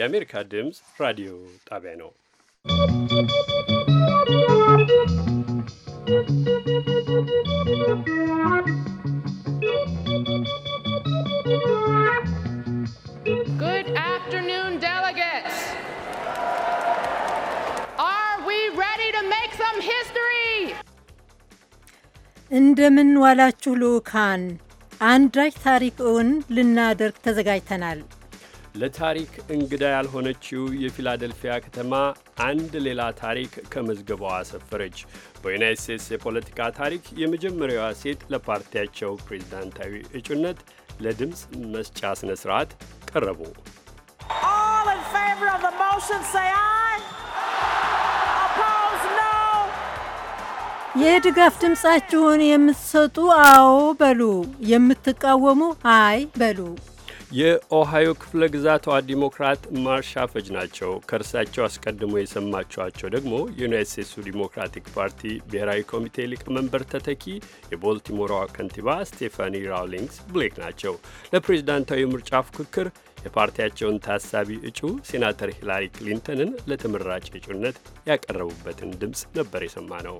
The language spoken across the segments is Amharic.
የአሜሪካ ድምፅ ራዲዮ ጣቢያ ነው። Good afternoon, delegates. Are we ready to make some history? እንደምን ዋላችሁ ልኡካን። አንዳች ታሪክ እውን ልናደርግ ተዘጋጅተናል። ለታሪክ እንግዳ ያልሆነችው የፊላደልፊያ ከተማ አንድ ሌላ ታሪክ ከመዝገቧ አሰፈረች። በዩናይት ስቴትስ የፖለቲካ ታሪክ የመጀመሪያዋ ሴት ለፓርቲያቸው ፕሬዝዳንታዊ እጩነት ለድምፅ መስጫ ስነ ስርዓት ቀረቡ። የድጋፍ ድምፃችሁን የምትሰጡ አዎ በሉ፣ የምትቃወሙ አይ በሉ የኦሃዮ ክፍለ ግዛቷ ዲሞክራት ማርሻ ፈጅ ናቸው። ከእርሳቸው አስቀድሞ የሰማችኋቸው ደግሞ የዩናይት ስቴትሱ ዲሞክራቲክ ፓርቲ ብሔራዊ ኮሚቴ ሊቀመንበር ተተኪ የቦልቲሞራዋ ከንቲባ ስቴፋኒ ራውሊንግስ ብሌክ ናቸው። ለፕሬዝዳንታዊ ምርጫ ፉክክር የፓርቲያቸውን ታሳቢ እጩ ሴናተር ሂላሪ ክሊንተንን ለተመራጭ እጩነት ያቀረቡበትን ድምፅ ነበር የሰማ ነው።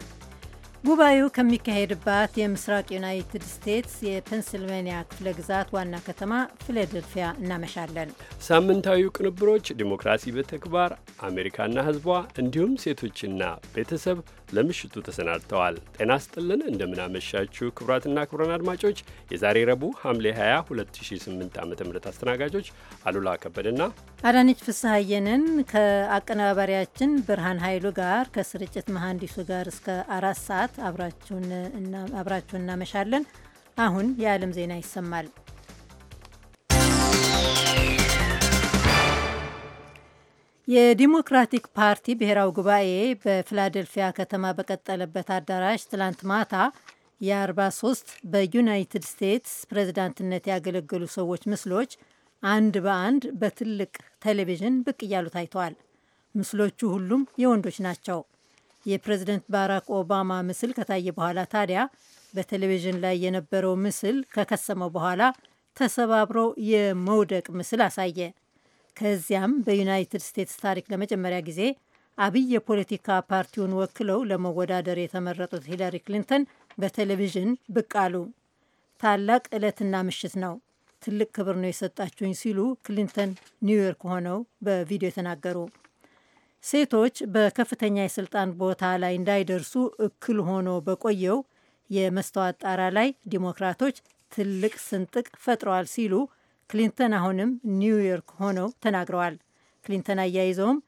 ጉባኤው ከሚካሄድባት የምስራቅ ዩናይትድ ስቴትስ የፔንስልቬንያ ክፍለ ግዛት ዋና ከተማ ፊላደልፊያ እናመሻለን። ሳምንታዊ ቅንብሮች ዲሞክራሲ በተግባር አሜሪካና ሕዝቧ እንዲሁም ሴቶችና ቤተሰብ ለምሽቱ ተሰናድተዋል። ጤና ስጥልን እንደምናመሻችሁ ክቡራትና ክቡራን አድማጮች የዛሬ ረቡዕ ሐምሌ 20 2008 ዓ ም አስተናጋጆች አሉላ ከበደና አዳነች ፍስሐየንን ከአቀናባሪያችን ብርሃን ኃይሉ ጋር ከስርጭት መሐንዲሱ ጋር እስከ አራት ሰዓት ሰዓት አብራችሁን እናመሻለን። አሁን የዓለም ዜና ይሰማል። የዲሞክራቲክ ፓርቲ ብሔራዊ ጉባኤ በፊላደልፊያ ከተማ በቀጠለበት አዳራሽ ትላንት ማታ የ43 በዩናይትድ ስቴትስ ፕሬዝዳንትነት ያገለገሉ ሰዎች ምስሎች አንድ በአንድ በትልቅ ቴሌቪዥን ብቅ እያሉ ታይተዋል። ምስሎቹ ሁሉም የወንዶች ናቸው። የፕሬዝደንት ባራክ ኦባማ ምስል ከታየ በኋላ ታዲያ በቴሌቪዥን ላይ የነበረው ምስል ከከሰመ በኋላ ተሰባብሮ የመውደቅ ምስል አሳየ። ከዚያም በዩናይትድ ስቴትስ ታሪክ ለመጀመሪያ ጊዜ አብይ የፖለቲካ ፓርቲውን ወክለው ለመወዳደር የተመረጡት ሂለሪ ክሊንተን በቴሌቪዥን ብቅ አሉ። ታላቅ ዕለትና ምሽት ነው፣ ትልቅ ክብር ነው የሰጣችሁኝ ሲሉ ክሊንተን ኒውዮርክ ሆነው በቪዲዮ የተናገሩ ሴቶች በከፍተኛ የስልጣን ቦታ ላይ እንዳይደርሱ እክል ሆኖ በቆየው የመስታወት ጣራ ላይ ዲሞክራቶች ትልቅ ስንጥቅ ፈጥረዋል ሲሉ ክሊንተን አሁንም ኒውዮርክ ሆነው ተናግረዋል። ክሊንተን አያይዘውም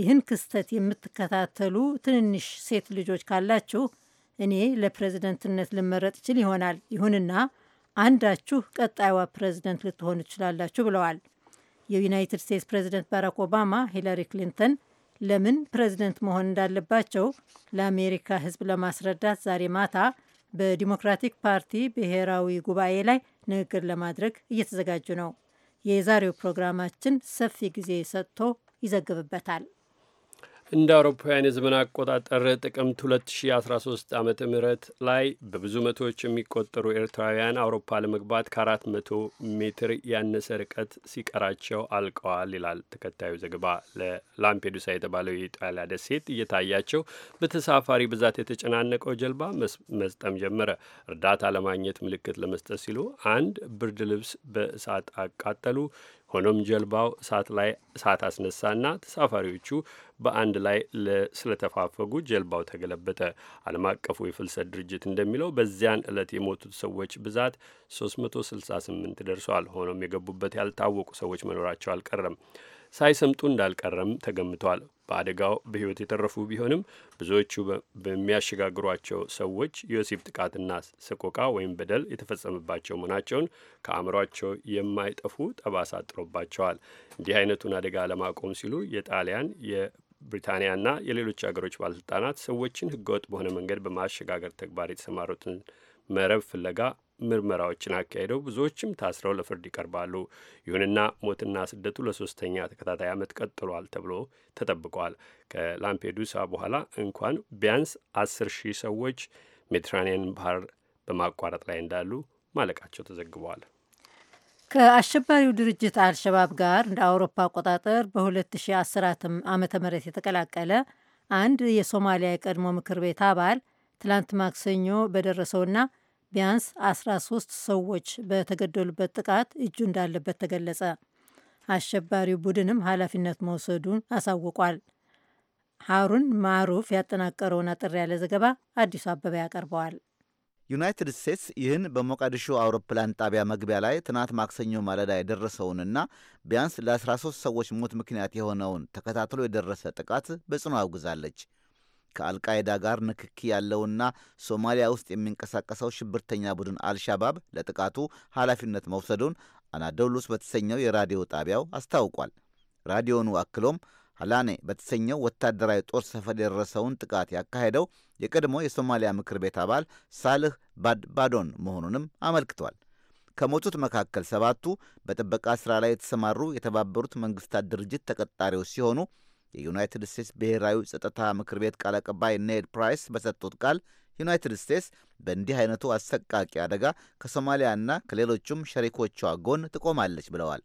ይህን ክስተት የምትከታተሉ ትንንሽ ሴት ልጆች ካላችሁ እኔ ለፕሬዝደንትነት ልመረጥ ችል ይሆናል። ይሁንና አንዳችሁ ቀጣይዋ ፕሬዝደንት ልትሆኑ ትችላላችሁ ብለዋል። የዩናይትድ ስቴትስ ፕሬዝደንት ባራክ ኦባማ ሂላሪ ክሊንተን ለምን ፕሬዝደንት መሆን እንዳለባቸው ለአሜሪካ ሕዝብ ለማስረዳት ዛሬ ማታ በዲሞክራቲክ ፓርቲ ብሔራዊ ጉባኤ ላይ ንግግር ለማድረግ እየተዘጋጁ ነው። የዛሬው ፕሮግራማችን ሰፊ ጊዜ ሰጥቶ ይዘግብበታል። እንደ አውሮፓውያን የዘመን አቆጣጠር ጥቅምት 2013 ዓ ም ላይ በብዙ መቶዎች የሚቆጠሩ ኤርትራውያን አውሮፓ ለመግባት ከ400 ሜትር ያነሰ ርቀት ሲቀራቸው አልቀዋል ይላል ተከታዩ ዘገባ። ለላምፔዱሳ የተባለው የኢጣሊያ ደሴት እየታያቸው በተሳፋሪ ብዛት የተጨናነቀው ጀልባ መስጠም ጀመረ። እርዳታ ለማግኘት ምልክት ለመስጠት ሲሉ አንድ ብርድ ልብስ በእሳት አቃጠሉ። ሆኖም ጀልባው እሳት ላይ እሳት አስነሳና ተሳፋሪዎቹ በአንድ ላይ ስለተፋፈጉ ጀልባው ተገለበጠ። ዓለም አቀፉ የፍልሰት ድርጅት እንደሚለው በዚያን ዕለት የሞቱት ሰዎች ብዛት 368 ደርሷል። ሆኖም የገቡበት ያልታወቁ ሰዎች መኖራቸው አልቀረም፣ ሳይሰምጡ እንዳልቀረም ተገምቷል። በአደጋው በሕይወት የተረፉ ቢሆንም ብዙዎቹ በሚያሸጋግሯቸው ሰዎች የወሲብ ጥቃትና ሰቆቃ ወይም በደል የተፈጸመባቸው መሆናቸውን ከአእምሯቸው የማይጠፉ ጠባሳ ጥሮባቸዋል። እንዲህ አይነቱን አደጋ ለማቆም ሲሉ የጣሊያን የብሪታንያና የሌሎች አገሮች ባለስልጣናት ሰዎችን ህገወጥ በሆነ መንገድ በማሸጋገር ተግባር የተሰማሩትን መረብ ፍለጋ ምርመራዎችን አካሂደው ብዙዎችም ታስረው ለፍርድ ይቀርባሉ። ይሁንና ሞትና ስደቱ ለሶስተኛ ተከታታይ ዓመት ቀጥሏል ተብሎ ተጠብቋል። ከላምፔዱሳ በኋላ እንኳን ቢያንስ አስር ሺህ ሰዎች ሜዲትራኒያን ባህር በማቋረጥ ላይ እንዳሉ ማለቃቸው ተዘግበዋል። ከአሸባሪው ድርጅት አልሸባብ ጋር እንደ አውሮፓ አቆጣጠር በ2010 ዓ ም የተቀላቀለ አንድ የሶማሊያ የቀድሞ ምክር ቤት አባል ትላንት ማክሰኞ በደረሰውና ቢያንስ 13 ሰዎች በተገደሉበት ጥቃት እጁ እንዳለበት ተገለጸ። አሸባሪው ቡድንም ኃላፊነት መውሰዱን አሳውቋል። ሐሩን ማሩፍ ያጠናቀረውን አጠር ያለ ዘገባ አዲሱ አበባ ያቀርበዋል። ዩናይትድ ስቴትስ ይህን በሞቃዲሾ አውሮፕላን ጣቢያ መግቢያ ላይ ትናንት ማክሰኞ ማለዳ የደረሰውንና ቢያንስ ለ13 ሰዎች ሞት ምክንያት የሆነውን ተከታትሎ የደረሰ ጥቃት በጽኑ አውግዛለች። ከአልቃይዳ ጋር ንክኪ ያለውና ሶማሊያ ውስጥ የሚንቀሳቀሰው ሽብርተኛ ቡድን አልሻባብ ለጥቃቱ ኃላፊነት መውሰዱን አናዶሉስ በተሰኘው የራዲዮ ጣቢያው አስታውቋል። ራዲዮኑ አክሎም አላኔ በተሰኘው ወታደራዊ ጦር ሰፈር የደረሰውን ጥቃት ያካሄደው የቀድሞ የሶማሊያ ምክር ቤት አባል ሳልህ ባድባዶን መሆኑንም አመልክቷል። ከሞቱት መካከል ሰባቱ በጥበቃ ሥራ ላይ የተሰማሩ የተባበሩት መንግሥታት ድርጅት ተቀጣሪዎች ሲሆኑ የዩናይትድ ስቴትስ ብሔራዊ ጸጥታ ምክር ቤት ቃል አቀባይ ኔድ ፕራይስ በሰጡት ቃል ዩናይትድ ስቴትስ በእንዲህ አይነቱ አሰቃቂ አደጋ ከሶማሊያና ከሌሎቹም ሸሪኮቿ ጎን ትቆማለች ብለዋል።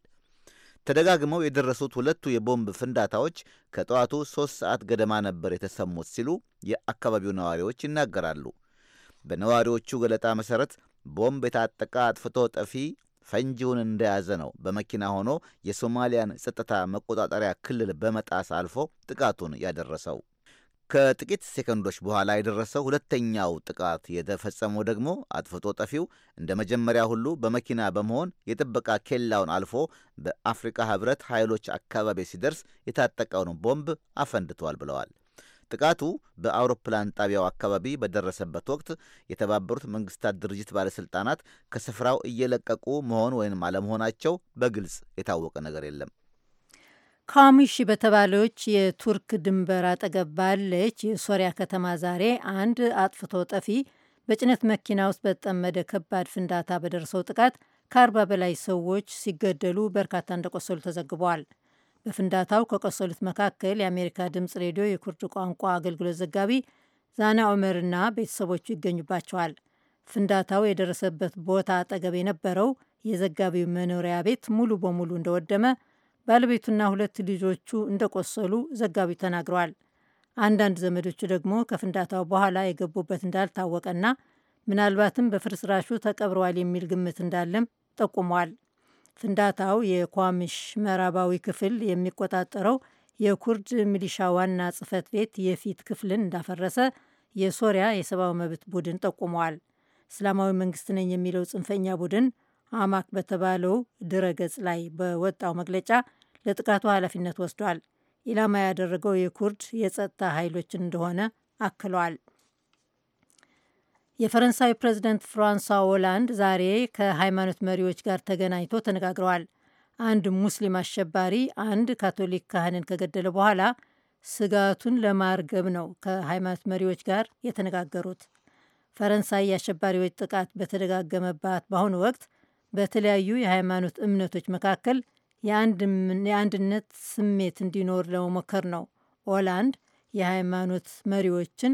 ተደጋግመው የደረሱት ሁለቱ የቦምብ ፍንዳታዎች ከጠዋቱ ሦስት ሰዓት ገደማ ነበር የተሰሙት ሲሉ የአካባቢው ነዋሪዎች ይናገራሉ። በነዋሪዎቹ ገለጣ መሠረት ቦምብ የታጠቀ አጥፍቶ ጠፊ ፈንጂውን እንደያዘ ነው በመኪና ሆኖ የሶማሊያን ጸጥታ መቆጣጠሪያ ክልል በመጣስ አልፎ ጥቃቱን ያደረሰው። ከጥቂት ሴከንዶች በኋላ የደረሰው ሁለተኛው ጥቃት የተፈጸመው ደግሞ አጥፍቶ ጠፊው እንደ መጀመሪያ ሁሉ በመኪና በመሆን የጥበቃ ኬላውን አልፎ በአፍሪካ ሕብረት ኃይሎች አካባቢ ሲደርስ የታጠቀውን ቦምብ አፈንድቷል ብለዋል። ጥቃቱ በአውሮፕላን ጣቢያው አካባቢ በደረሰበት ወቅት የተባበሩት መንግስታት ድርጅት ባለሥልጣናት ከስፍራው እየለቀቁ መሆን ወይም አለመሆናቸው በግልጽ የታወቀ ነገር የለም። ካሚሺ በተባለች የቱርክ ድንበር አጠገብ ባለች የሶሪያ ከተማ ዛሬ አንድ አጥፍቶ ጠፊ በጭነት መኪና ውስጥ በተጠመደ ከባድ ፍንዳታ በደረሰው ጥቃት ከአርባ በላይ ሰዎች ሲገደሉ በርካታ እንደቆሰሉ ተዘግበዋል። በፍንዳታው ከቆሰሉት መካከል የአሜሪካ ድምፅ ሬዲዮ የኩርድ ቋንቋ አገልግሎት ዘጋቢ ዛና ዑመርና ቤተሰቦቹ ይገኙባቸዋል። ፍንዳታው የደረሰበት ቦታ አጠገብ የነበረው የዘጋቢው መኖሪያ ቤት ሙሉ በሙሉ እንደወደመ፣ ባለቤቱና ሁለት ልጆቹ እንደቆሰሉ ዘጋቢው ተናግረዋል። አንዳንድ ዘመዶቹ ደግሞ ከፍንዳታው በኋላ የገቡበት እንዳልታወቀና ምናልባትም በፍርስራሹ ተቀብረዋል የሚል ግምት እንዳለም ጠቁመዋል። ፍንዳታው የኳምሽ ምዕራባዊ ክፍል የሚቆጣጠረው የኩርድ ሚሊሻ ዋና ጽህፈት ቤት የፊት ክፍልን እንዳፈረሰ የሶሪያ የሰብአዊ መብት ቡድን ጠቁመዋል። እስላማዊ መንግስት ነኝ የሚለው ጽንፈኛ ቡድን አማክ በተባለው ድረገጽ ላይ በወጣው መግለጫ ለጥቃቱ ኃላፊነት ወስዷል። ኢላማ ያደረገው የኩርድ የጸጥታ ኃይሎችን እንደሆነ አክለዋል። የፈረንሳይ ፕሬዚደንት ፍራንሷ ኦላንድ ዛሬ ከሃይማኖት መሪዎች ጋር ተገናኝቶ ተነጋግረዋል። አንድ ሙስሊም አሸባሪ አንድ ካቶሊክ ካህንን ከገደለ በኋላ ስጋቱን ለማርገብ ነው ከሃይማኖት መሪዎች ጋር የተነጋገሩት። ፈረንሳይ የአሸባሪዎች ጥቃት በተደጋገመባት በአሁኑ ወቅት በተለያዩ የሃይማኖት እምነቶች መካከል የአንድነት ስሜት እንዲኖር ለመሞከር ነው ኦላንድ የሃይማኖት መሪዎችን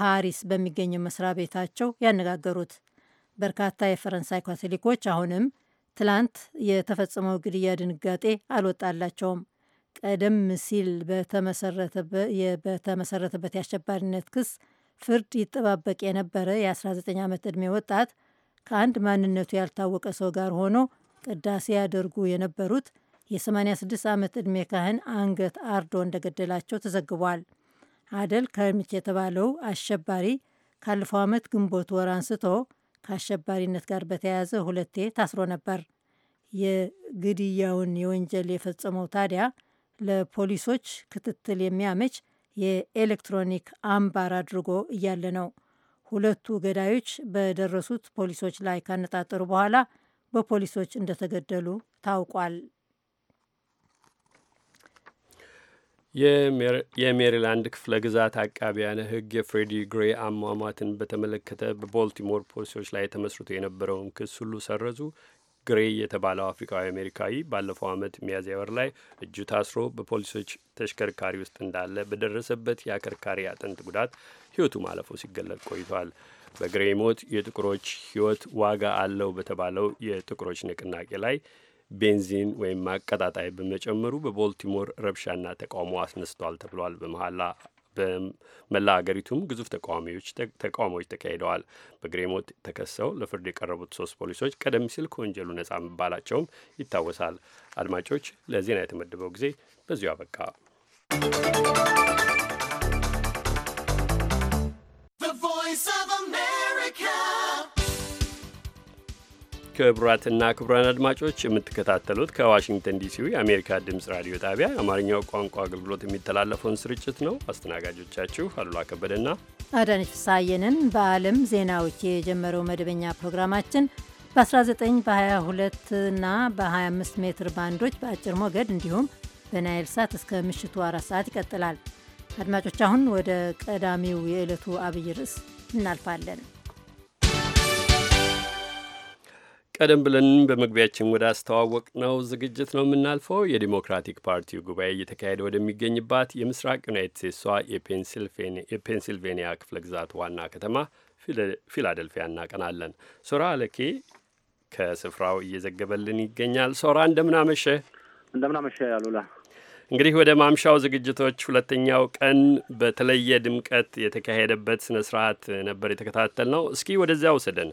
ፓሪስ በሚገኘው መስሪያ ቤታቸው ያነጋገሩት። በርካታ የፈረንሳይ ካቶሊኮች አሁንም ትላንት የተፈጸመው ግድያ ድንጋጤ አልወጣላቸውም። ቀደም ሲል በተመሰረተበት የአሸባሪነት ክስ ፍርድ ይጠባበቅ የነበረ የ19 ዓመት ዕድሜ ወጣት ከአንድ ማንነቱ ያልታወቀ ሰው ጋር ሆኖ ቅዳሴ ያደርጉ የነበሩት የ86 ዓመት ዕድሜ ካህን አንገት አርዶ እንደገደላቸው ተዘግቧል። አደል ከርሚት የተባለው አሸባሪ ካለፈው ዓመት ግንቦት ወር አንስቶ ከአሸባሪነት ጋር በተያያዘ ሁለቴ ታስሮ ነበር። የግድያውን የወንጀል የፈጸመው ታዲያ ለፖሊሶች ክትትል የሚያመች የኤሌክትሮኒክ አምባር አድርጎ እያለ ነው። ሁለቱ ገዳዮች በደረሱት ፖሊሶች ላይ ካነጣጠሩ በኋላ በፖሊሶች እንደተገደሉ ታውቋል። የሜሪላንድ ክፍለ ግዛት አቃቢያነ ሕግ የፍሬዲ ግሬ አሟሟትን በተመለከተ በቦልቲሞር ፖሊሲዎች ላይ ተመስርቶ የነበረውን ክስ ሁሉ ሰረዙ። ግሬ የተባለው አፍሪካዊ አሜሪካዊ ባለፈው ዓመት ሚያዝያ ወር ላይ እጁ ታስሮ በፖሊሶች ተሽከርካሪ ውስጥ እንዳለ በደረሰበት የአከርካሪ አጥንት ጉዳት ሕይወቱ ማለፉ ሲገለጥ ቆይቷል። በግሬ ሞት የጥቁሮች ሕይወት ዋጋ አለው በተባለው የጥቁሮች ንቅናቄ ላይ ቤንዚን ወይም ማቀጣጣይ በመጨመሩ በቦልቲሞር ረብሻና ተቃውሞ አስነስቷል ተብሏል። በመሀላ በመላ አገሪቱም ግዙፍ ተቃውሞዎች ተካሂደዋል። በግሬሞት ተከሰው ለፍርድ የቀረቡት ሶስት ፖሊሶች ቀደም ሲል ከወንጀሉ ነጻ መባላቸውም ይታወሳል። አድማጮች፣ ለዜና የተመደበው ጊዜ በዚሁ አበቃ። ክቡራትና ክቡራን አድማጮች የምትከታተሉት ከዋሽንግተን ዲሲው የአሜሪካ ድምፅ ራዲዮ ጣቢያ የአማርኛው ቋንቋ አገልግሎት የሚተላለፈውን ስርጭት ነው። አስተናጋጆቻችሁ አሉላ ከበደና አዳነች ፍሳየንን በዓለም ዜናዎች የጀመረው መደበኛ ፕሮግራማችን በ19 በ22 እና በ25 ሜትር ባንዶች በአጭር ሞገድ እንዲሁም በናይል ሳት እስከ ምሽቱ አራት ሰዓት ይቀጥላል። አድማጮች አሁን ወደ ቀዳሚው የዕለቱ አብይ ርዕስ እናልፋለን። ቀደም ብለን በመግቢያችን ወደ አስተዋወቅ ነው ዝግጅት ነው የምናልፈው። የዲሞክራቲክ ፓርቲው ጉባኤ እየተካሄደ ወደሚገኝባት የምስራቅ ዩናይት ስቴትሷ የፔንሲልቬኒያ ክፍለ ግዛት ዋና ከተማ ፊላደልፊያ እናቀናለን። ሶራ አለኬ ከስፍራው እየዘገበልን ይገኛል። ሶራ እንደምናመሸ እንደምናመሸ አሉላ እንግዲህ ወደ ማምሻው ዝግጅቶች ሁለተኛው ቀን በተለየ ድምቀት የተካሄደበት ስነ ስርዓት ነበር የተከታተል ነው። እስኪ ወደዚያ ውሰደን።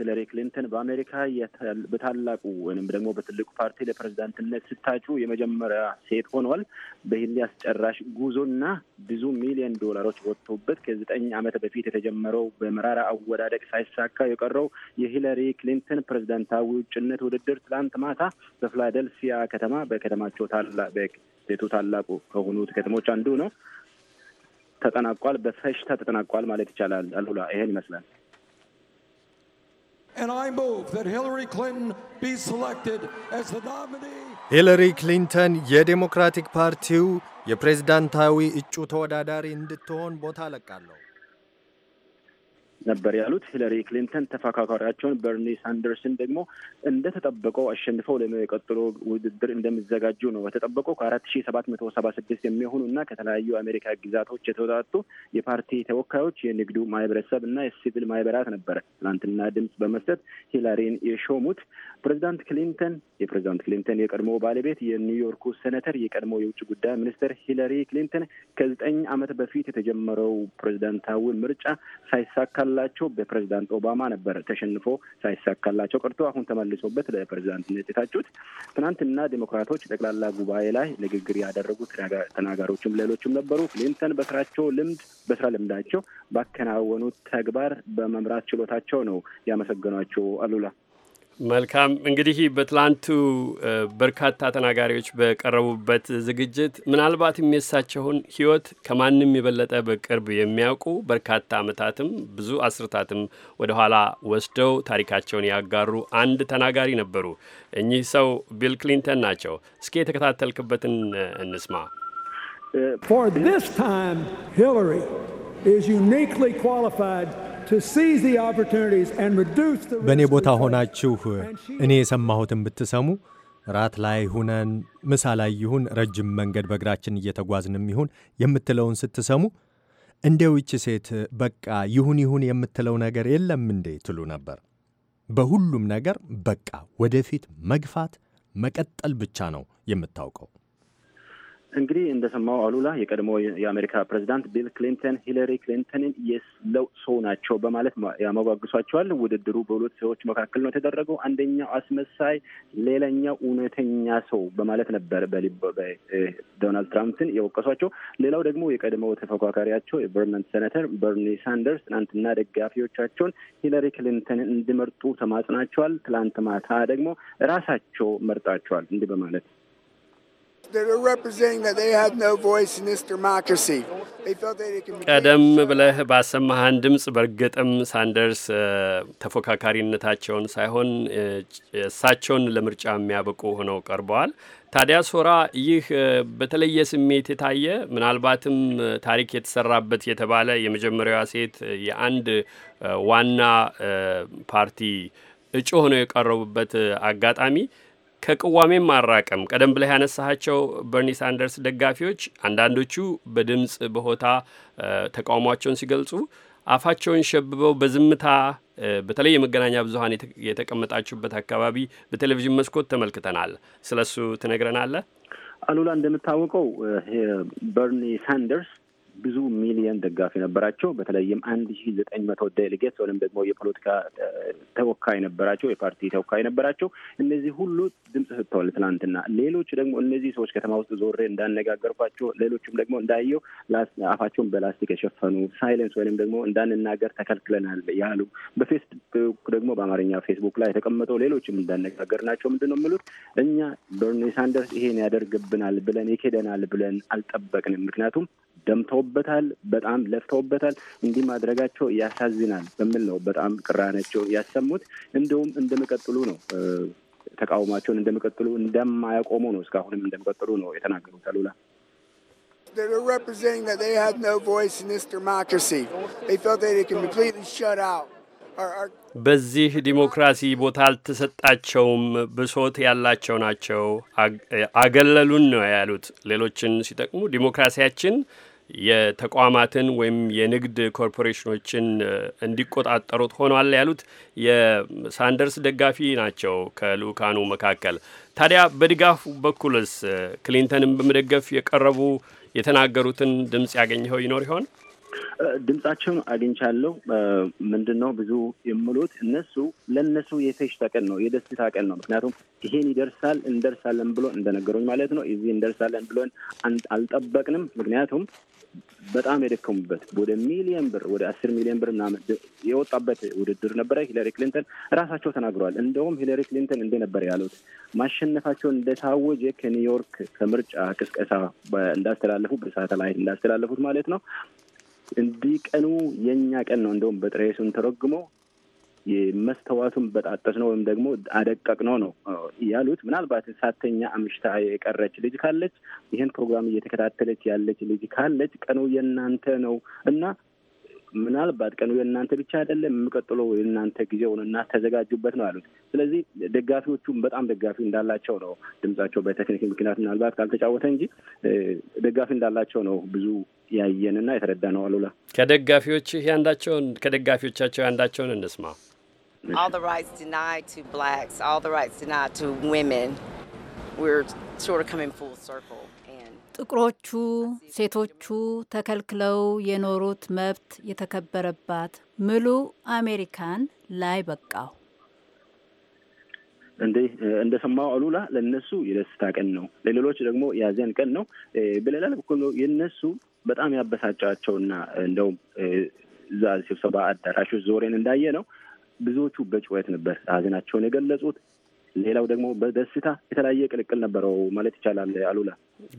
ሂለሪ ክሊንተን በአሜሪካ በታላቁ ወይም ደግሞ በትልቁ ፓርቲ ለፕሬዚዳንትነት ስታጩ የመጀመሪያ ሴት ሆኗል። በሂሊ አስጨራሽ ጉዞና ብዙ ሚሊዮን ዶላሮች ወጥቶበት ከዘጠኝ ዓመት በፊት የተጀመረው በመራራ አወዳደቅ ሳይሳካ የቀረው የሂለሪ ክሊንተን ፕሬዚዳንታዊ ውጭነት ውድድር ትላንት ማታ በፊላደልፊያ ከተማ በከተማቸው ቤቱ ታላቁ ከሆኑት ከተሞች አንዱ ነው ተጠናቋል። በፈሽታ ተጠናቋል ማለት ይቻላል። አሉላ ይሄን ይመስላል። ሂለሪ ክሊንተን የዴሞክራቲክ ፓርቲው የፕሬዝዳንታዊ እጩ ተወዳዳሪ እንድትሆን ቦታ ለቃለሁ። ነበር ያሉት። ሂለሪ ክሊንተን ተፈካካሪያቸውን በርኒ ሳንደርስን ደግሞ እንደተጠበቀው አሸንፈው ለሚቀጥሎ ውድድር እንደሚዘጋጁ ነው በተጠበቀው ከአራት ሺ ሰባት መቶ ሰባ ስድስት የሚሆኑ እና ከተለያዩ አሜሪካ ግዛቶች የተወጣጡ የፓርቲ ተወካዮች፣ የንግዱ ማህበረሰብ እና የሲቪል ማህበራት ነበረ ትናንትና ድምጽ በመስጠት ሂለሪን የሾሙት። ፕሬዚዳንት ክሊንተን የፕሬዚዳንት ክሊንተን የቀድሞ ባለቤት የኒውዮርኩ ሴኔተር የቀድሞ የውጭ ጉዳይ ሚኒስትር ሂለሪ ክሊንተን ከዘጠኝ ዓመት በፊት የተጀመረው ፕሬዚዳንታዊ ምርጫ ሳይሳካል ያላቸው በፕሬዚዳንት ኦባማ ነበረ ተሸንፎ ሳይሳካላቸው ቀርቶ አሁን ተመልሶበት ለፕሬዚዳንትነት የታጩት። ትናንትና ዴሞክራቶች ጠቅላላ ጉባኤ ላይ ንግግር ያደረጉ ተናጋሪዎችም ሌሎችም ነበሩ። ክሊንተን በስራቸው ልምድ በስራ ልምዳቸው ባከናወኑት ተግባር በመምራት ችሎታቸው ነው ያመሰገኗቸው አሉላ መልካም እንግዲህ በትላንቱ በርካታ ተናጋሪዎች በቀረቡበት ዝግጅት ምናልባት የሚሳቸውን ህይወት ከማንም የበለጠ በቅርብ የሚያውቁ በርካታ አመታትም ብዙ አስርታትም ወደኋላ ወስደው ታሪካቸውን ያጋሩ አንድ ተናጋሪ ነበሩ። እኚህ ሰው ቢል ክሊንተን ናቸው። እስኪ የተከታተልክበትን እንስማ። For this time, በእኔ ቦታ ሆናችሁ እኔ የሰማሁትን ብትሰሙ ራት ላይ ሁነን ምሳ ላይ ይሁን ረጅም መንገድ በእግራችን እየተጓዝንም ይሁን የምትለውን ስትሰሙ እንዴው ይቺ ሴት በቃ ይሁን ይሁን የምትለው ነገር የለም እንዴ ትሉ ነበር። በሁሉም ነገር በቃ ወደፊት መግፋት መቀጠል ብቻ ነው የምታውቀው። እንግዲህ እንደሰማው አሉላ የቀድሞ የአሜሪካ ፕሬዚዳንት ቢል ክሊንተን ሂለሪ ክሊንተንን የስለው ሰው ናቸው በማለት ያመጓግሷቸዋል። ውድድሩ በሁለት ሰዎች መካከል ነው የተደረገው። አንደኛው አስመሳይ፣ ሌላኛው እውነተኛ ሰው በማለት ነበር ዶናልድ ትራምፕን የወቀሷቸው። ሌላው ደግሞ የቀድሞ ተፎካካሪያቸው የቨርመንት ሴኔተር በርኒ ሳንደርስ ትናንትና ደጋፊዎቻቸውን ሂለሪ ክሊንተንን እንዲመርጡ ተማጽናቸዋል። ትላንት ማታ ደግሞ ራሳቸው መርጣቸዋል እንዲህ በማለት ቀደም ብለህ ባሰማህን ድምፅ በእርግጥም ሳንደርስ ተፎካካሪነታቸውን ሳይሆን እሳቸውን ለምርጫ የሚያበቁ ሆነው ቀርበዋል። ታዲያ ሶራ ይህ በተለየ ስሜት የታየ ምናልባትም ታሪክ የተሰራበት የተባለ የመጀመሪያዋ ሴት የአንድ ዋና ፓርቲ እጩ ሆነው የቀረቡበት አጋጣሚ ከቅዋሜም ማራቀም ቀደም ብለህ ያነሳሃቸው በርኒ ሳንደርስ ደጋፊዎች አንዳንዶቹ በድምፅ በሆታ ተቃውሟቸውን ሲገልጹ አፋቸውን ሸብበው በዝምታ በተለይ የመገናኛ ብዙኃን የተቀመጣችሁበት አካባቢ በቴሌቪዥን መስኮት ተመልክተናል። ስለሱ ትነግረናለህ አሉላ? እንደምታወቀው በርኒ ሳንደርስ ብዙ ሚሊየን ደጋፊ ነበራቸው። በተለይም አንድ ሺ ዘጠኝ መቶ ዴሌጌትስ ወይም ደግሞ የፖለቲካ ተወካይ ነበራቸው፣ የፓርቲ ተወካይ ነበራቸው። እነዚህ ሁሉ ድምጽ ሰጥተዋል ትናንትና። ሌሎች ደግሞ እነዚህ ሰዎች ከተማ ውስጥ ዞሬ እንዳነጋገርኳቸው፣ ሌሎችም ደግሞ እንዳየው አፋቸውን በላስቲክ የሸፈኑ ሳይለንስ ወይም ደግሞ እንዳንናገር ተከልክለናል ያሉ በፌስቡክ ደግሞ በአማርኛ ፌስቡክ ላይ የተቀመጠው ሌሎችም እንዳነጋገር ናቸው። ምንድን ነው የሚሉት እኛ በርኒ ሳንደርስ ይሄን ያደርግብናል ብለን ይኬደናል ብለን አልጠበቅንም። ምክንያቱም ደምተው ለፍተውበታል፣ በጣም ለፍተውበታል። እንዲህ ማድረጋቸው ያሳዝናል በሚል ነው በጣም ቅራኔያቸው ያሰሙት። እንደውም እንደመቀጥሉ ነው ተቃውሟቸውን እንደመቀጥሉ እንደማያቆሙ ነው እስካሁንም እንደመቀጥሉ ነው የተናገሩት አሉላ በዚህ ዲሞክራሲ ቦታ አልተሰጣቸውም፣ ብሶት ያላቸው ናቸው፣ አገለሉን ነው ያሉት። ሌሎችን ሲጠቅሙ ዲሞክራሲያችን የተቋማትን ወይም የንግድ ኮርፖሬሽኖችን እንዲቆጣጠሩት ሆኗል ያሉት የሳንደርስ ደጋፊ ናቸው ከልኡካኑ መካከል። ታዲያ በድጋፍ በኩልስ ክሊንተንን በመደገፍ የቀረቡ የተናገሩትን ድምፅ ያገኘኸው ይኖር ይሆን? ድምጻቸውን አግኝቻለሁ። ምንድን ነው ብዙ የምሉት እነሱ ለእነሱ የፌሽታ ቀን ነው፣ የደስታ ቀን ነው። ምክንያቱም ይሄን ይደርሳል እንደርሳለን ብሎ እንደነገሩኝ ማለት ነው። እዚህ እንደርሳለን ብሎን አልጠበቅንም። ምክንያቱም በጣም የደከሙበት ወደ ሚሊየን ብር ወደ አስር ሚሊዮን ብር ምናምን የወጣበት ውድድር ነበረ። ሂለሪ ክሊንተን ራሳቸው ተናግረዋል። እንደውም ሂለሪ ክሊንተን ነበር ያሉት ማሸነፋቸውን እንደታወጀ ከኒውዮርክ ከምርጫ ቅስቀሳ እንዳስተላለፉ በሳተላይት እንዳስተላለፉት ማለት ነው እንዲህ ቀኑ የእኛ ቀን ነው። እንደውም በጥሬ ተረግሞ መስተዋቱን በጣጠስ ነው ወይም ደግሞ አደቀቅ ነው ነው ያሉት። ምናልባት ሳተኛ አምሽታ የቀረች ልጅ ካለች፣ ይህን ፕሮግራም እየተከታተለች ያለች ልጅ ካለች ቀኑ የእናንተ ነው እና ምናልባት ቀኑ የእናንተ ብቻ አይደለም፣ የሚቀጥለው የእናንተ ጊዜውን እና ተዘጋጁበት ነው ያሉት። ስለዚህ ደጋፊዎቹም በጣም ደጋፊ እንዳላቸው ነው ድምጻቸው በቴክኒክ ምክንያት ምናልባት ካልተጫወተ እንጂ ደጋፊ እንዳላቸው ነው ብዙ ያየንና የተረዳ ነው። አሉላ ከደጋፊዎች ያንዳቸውን ከደጋፊዎቻቸው ያንዳቸውን እንስማ። All the rights denied to blacks, all the rights denied to women. We're sort of coming full circle. ጥቁሮቹ ሴቶቹ ተከልክለው የኖሩት መብት የተከበረባት ምሉ አሜሪካን ላይ በቃው። እንዴ እንደሰማው አሉላ ለነሱ የደስታ ቀን ነው፣ ለሌሎች ደግሞ የሐዘን ቀን ነው። በሌላ በኩል ነው የነሱ በጣም ያበሳጫቸውና እንደውም እዛ ስብሰባ አዳራሹ ዞሬን እንዳየ ነው ብዙዎቹ በጩኸት ነበር ሐዘናቸውን የገለጹት። ሌላው ደግሞ በደስታ የተለያየ ቅልቅል ነበረው ማለት ይቻላል አሉላ።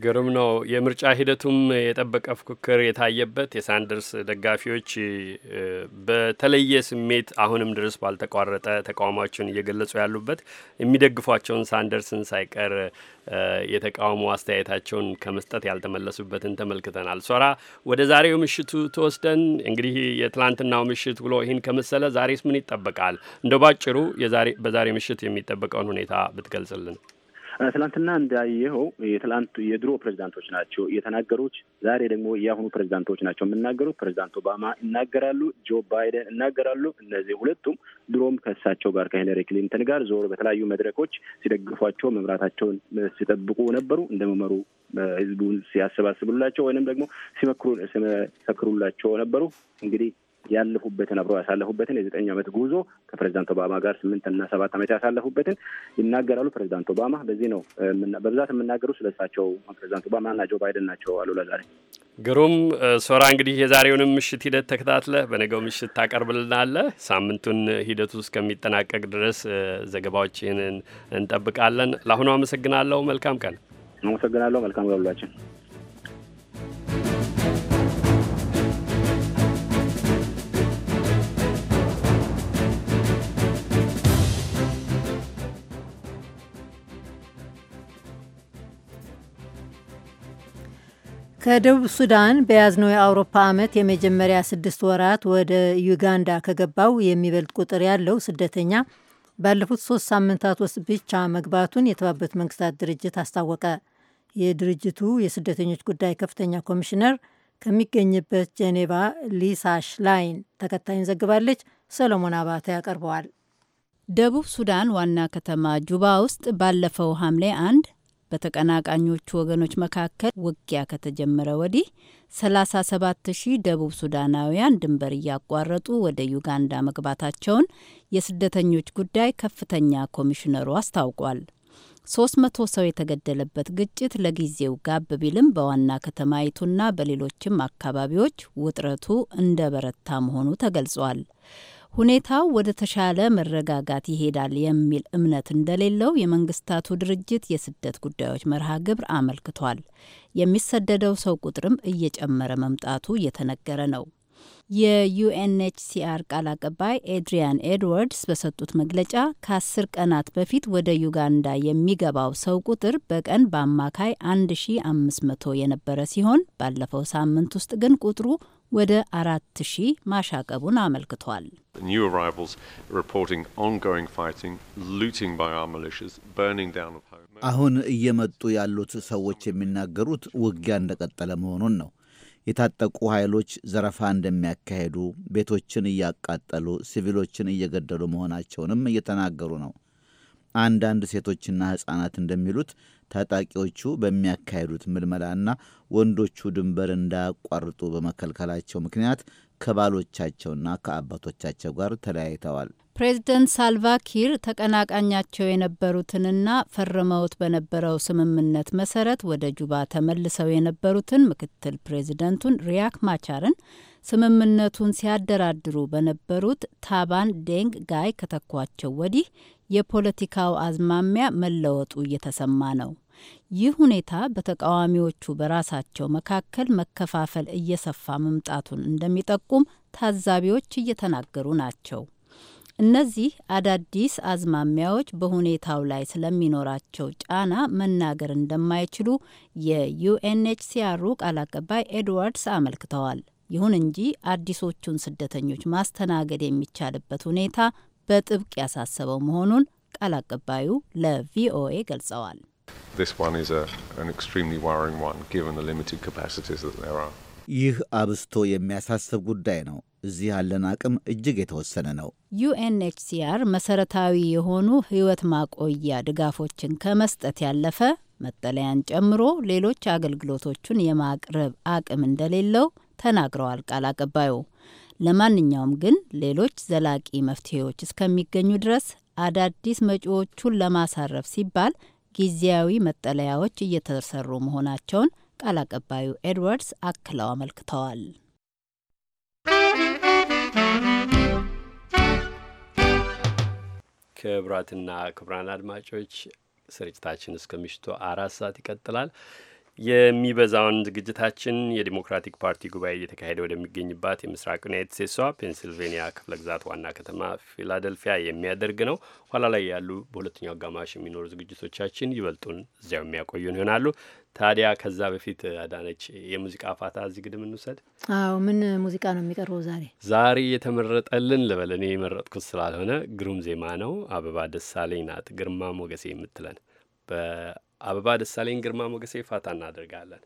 ግሩም ነው። የምርጫ ሂደቱም የጠበቀ ፉክክር የታየበት የሳንደርስ ደጋፊዎች በተለየ ስሜት አሁንም ድረስ ባልተቋረጠ ተቃውሟቸውን እየገለጹ ያሉበት የሚደግፏቸውን ሳንደርስን ሳይቀር የተቃውሞ አስተያየታቸውን ከመስጠት ያልተመለሱበትን ተመልክተናል። ሶራ ወደ ዛሬው ምሽቱ ተወስደን እንግዲህ የትላንትናው ምሽት ብሎ ይህን ከመሰለ ዛሬስ ምን ይጠበቃል? እንደ ባጭሩ በዛሬ ምሽት የሚጠበቀውን ሁኔታ ብትገልጽልን። ትላንትና እንዳየኸው የትላንት የድሮ ፕሬዚዳንቶች ናቸው የተናገሩት። ዛሬ ደግሞ የአሁኑ ፕሬዚዳንቶች ናቸው የምናገሩት። ፕሬዚዳንት ኦባማ ይናገራሉ፣ ጆ ባይደን ይናገራሉ። እነዚህ ሁለቱም ድሮም ከእሳቸው ጋር ከሂለሪ ክሊንተን ጋር ዞር በተለያዩ መድረኮች ሲደግፏቸው መምራታቸውን ሲጠብቁ ነበሩ እንደመመሩ ህዝቡን ሲያሰባስቡላቸው ወይንም ደግሞ ሲመሰክሩላቸው ነበሩ እንግዲህ ያለፉበትን አብረው ያሳለፉበትን የዘጠኝ ዓመት ጉዞ ከፕሬዚዳንት ኦባማ ጋር ስምንት እና ሰባት ዓመት ያሳለፉበትን ይናገራሉ። ፕሬዚዳንት ኦባማ በዚህ ነው በብዛት የምናገሩ ስለሳቸው ፕሬዚዳንት ኦባማና ጆ ባይደን ናቸው። አሉላ ዛሬ ግሩም ሶራ፣ እንግዲህ የዛሬውንም ምሽት ሂደት ተከታትለ በነገው ምሽት ታቀርብልናለ ሳምንቱን ሂደቱ እስከሚጠናቀቅ ድረስ ዘገባዎችህን እንጠብቃለን። ለአሁኑ አመሰግናለሁ። መልካም ቀን። አመሰግናለሁ። መልካም ጋብሏችን ከደቡብ ሱዳን በያዝነው የአውሮፓ ዓመት የመጀመሪያ ስድስት ወራት ወደ ዩጋንዳ ከገባው የሚበልጥ ቁጥር ያለው ስደተኛ ባለፉት ሶስት ሳምንታት ውስጥ ብቻ መግባቱን የተባበሩት መንግስታት ድርጅት አስታወቀ። የድርጅቱ የስደተኞች ጉዳይ ከፍተኛ ኮሚሽነር ከሚገኝበት ጄኔቫ ሊሳ ሽላይን ተከታይን ዘግባለች። ሰለሞን አባተ ያቀርበዋል። ደቡብ ሱዳን ዋና ከተማ ጁባ ውስጥ ባለፈው ሐምሌ አንድ በተቀናቃኞቹ ወገኖች መካከል ውጊያ ከተጀመረ ወዲህ 3ሳ7ሺህ ደቡብ ሱዳናውያን ድንበር እያቋረጡ ወደ ዩጋንዳ መግባታቸውን የስደተኞች ጉዳይ ከፍተኛ ኮሚሽነሩ አስታውቋል። 300 ሰው የተገደለበት ግጭት ለጊዜው ጋብ ቢልም በዋና ከተማይቱና በሌሎችም አካባቢዎች ውጥረቱ እንደ በረታ መሆኑ ተገልጿል። ሁኔታው ወደ ተሻለ መረጋጋት ይሄዳል የሚል እምነት እንደሌለው የመንግስታቱ ድርጅት የስደት ጉዳዮች መርሃ ግብር አመልክቷል። የሚሰደደው ሰው ቁጥርም እየጨመረ መምጣቱ እየተነገረ ነው። የዩኤንኤችሲአር ቃል አቀባይ ኤድሪያን ኤድዋርድስ በሰጡት መግለጫ ከአስር ቀናት በፊት ወደ ዩጋንዳ የሚገባው ሰው ቁጥር በቀን በአማካይ 1500 የነበረ ሲሆን ባለፈው ሳምንት ውስጥ ግን ቁጥሩ ወደ አራት ሺህ ማሻቀቡን አመልክቷል። አሁን እየመጡ ያሉት ሰዎች የሚናገሩት ውጊያ እንደቀጠለ መሆኑን ነው። የታጠቁ ኃይሎች ዘረፋ እንደሚያካሄዱ፣ ቤቶችን እያቃጠሉ ሲቪሎችን እየገደሉ መሆናቸውንም እየተናገሩ ነው። አንዳንድ ሴቶችና ሕፃናት እንደሚሉት ታጣቂዎቹ በሚያካሄዱት ምልመላና ወንዶቹ ድንበር እንዳያቋርጡ በመከልከላቸው ምክንያት ከባሎቻቸውና ከአባቶቻቸው ጋር ተለያይተዋል። ፕሬዚደንት ሳልቫኪር ተቀናቃኛቸው የነበሩትንና ፈርመውት በነበረው ስምምነት መሰረት ወደ ጁባ ተመልሰው የነበሩትን ምክትል ፕሬዚደንቱን ሪያክ ማቻርን ስምምነቱን ሲያደራድሩ በነበሩት ታባን ዴንግ ጋይ ከተኳቸው ወዲህ የፖለቲካው አዝማሚያ መለወጡ እየተሰማ ነው። ይህ ሁኔታ በተቃዋሚዎቹ በራሳቸው መካከል መከፋፈል እየሰፋ መምጣቱን እንደሚጠቁም ታዛቢዎች እየተናገሩ ናቸው። እነዚህ አዳዲስ አዝማሚያዎች በሁኔታው ላይ ስለሚኖራቸው ጫና መናገር እንደማይችሉ የዩኤንኤችሲአሩ ቃል አቀባይ ኤድዋርድስ አመልክተዋል። ይሁን እንጂ አዲሶቹን ስደተኞች ማስተናገድ የሚቻልበት ሁኔታ በጥብቅ ያሳሰበው መሆኑን ቃል አቀባዩ ለቪኦኤ ገልጸዋል። ይህ አብስቶ የሚያሳስብ ጉዳይ ነው። እዚህ ያለን አቅም እጅግ የተወሰነ ነው። ዩኤንኤችሲአር መሰረታዊ የሆኑ ሕይወት ማቆያ ድጋፎችን ከመስጠት ያለፈ መጠለያን ጨምሮ ሌሎች አገልግሎቶችን የማቅረብ አቅም እንደሌለው ተናግረዋል ቃል አቀባዩ። ለማንኛውም ግን ሌሎች ዘላቂ መፍትሄዎች እስከሚገኙ ድረስ አዳዲስ መጪዎቹን ለማሳረፍ ሲባል ጊዜያዊ መጠለያዎች እየተሰሩ መሆናቸውን ቃል አቀባዩ ኤድዋርድስ አክለው አመልክተዋል። ክቡራትና ክቡራን አድማጮች ስርጭታችን እስከ ምሽቱ አራት ሰዓት ይቀጥላል። የሚበዛውን ዝግጅታችን የዲሞክራቲክ ፓርቲ ጉባኤ እየተካሄደ ወደሚገኝባት የምስራቅ ዩናይትድ ስቴትሷ ፔንስልቬኒያ ክፍለ ግዛት ዋና ከተማ ፊላደልፊያ የሚያደርግ ነው። ኋላ ላይ ያሉ በሁለተኛው አጋማሽ የሚኖሩ ዝግጅቶቻችን ይበልጡን እዚያው የሚያቆዩን ይሆናሉ። ታዲያ ከዛ በፊት አዳነች የሙዚቃ ፋታ እዚህ ግድም እንውሰድ። አዎ፣ ምን ሙዚቃ ነው የሚቀርበው ዛሬ? ዛሬ የተመረጠልን ልበል፣ እኔ የመረጥኩት ስላልሆነ ግሩም ዜማ ነው። አበባ ደሳለኝ ናት ግርማ ሞገሴ የምትለን አበባ ደሳለኝ፣ ግርማ ሞገሴ ፋታ እናደርጋለን።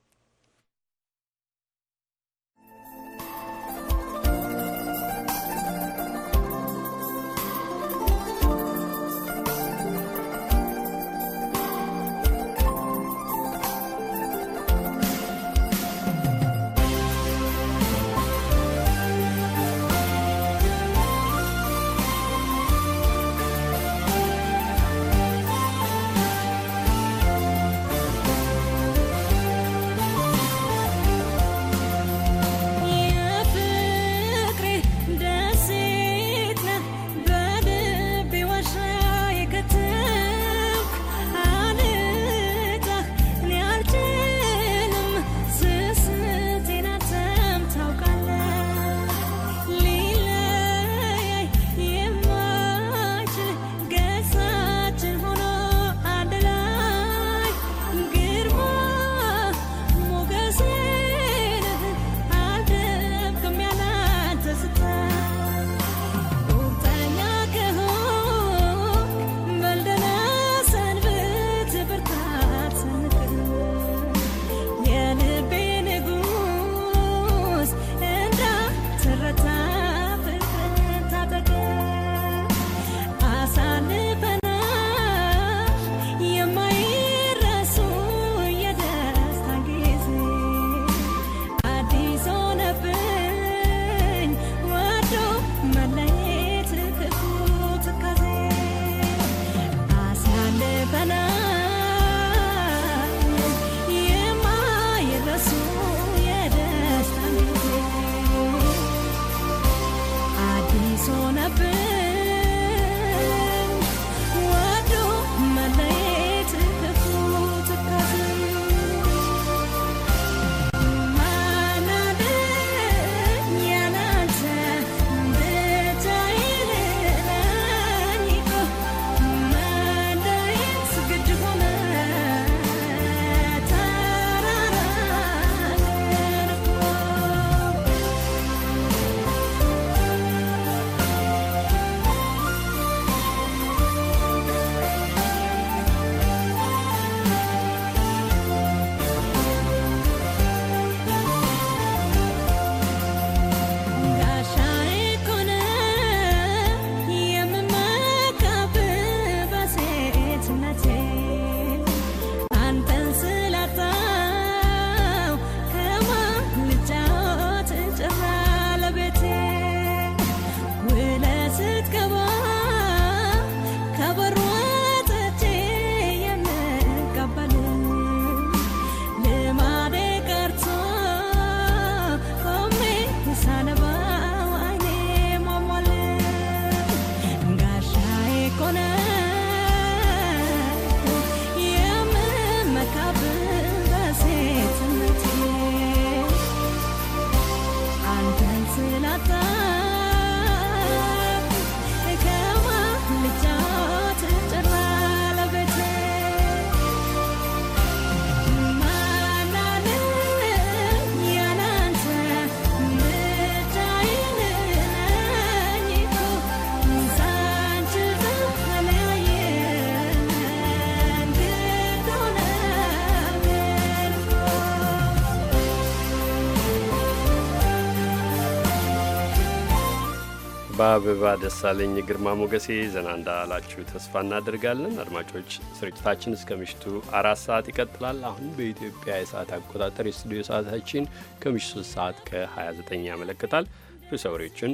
በአበባ ደሳለኝ ግርማ ሞገሴ ዘና እንዳላችሁ ተስፋ እናደርጋለን። አድማጮች ስርጭታችን እስከ ምሽቱ አራት ሰዓት ይቀጥላል። አሁን በኢትዮጵያ የሰዓት አቆጣጠር የስቱዲዮ ሰዓታችን ከምሽቱ ሶስት ሰዓት ከ29 ያመለክታል። ርዕሰ ወሬዎችን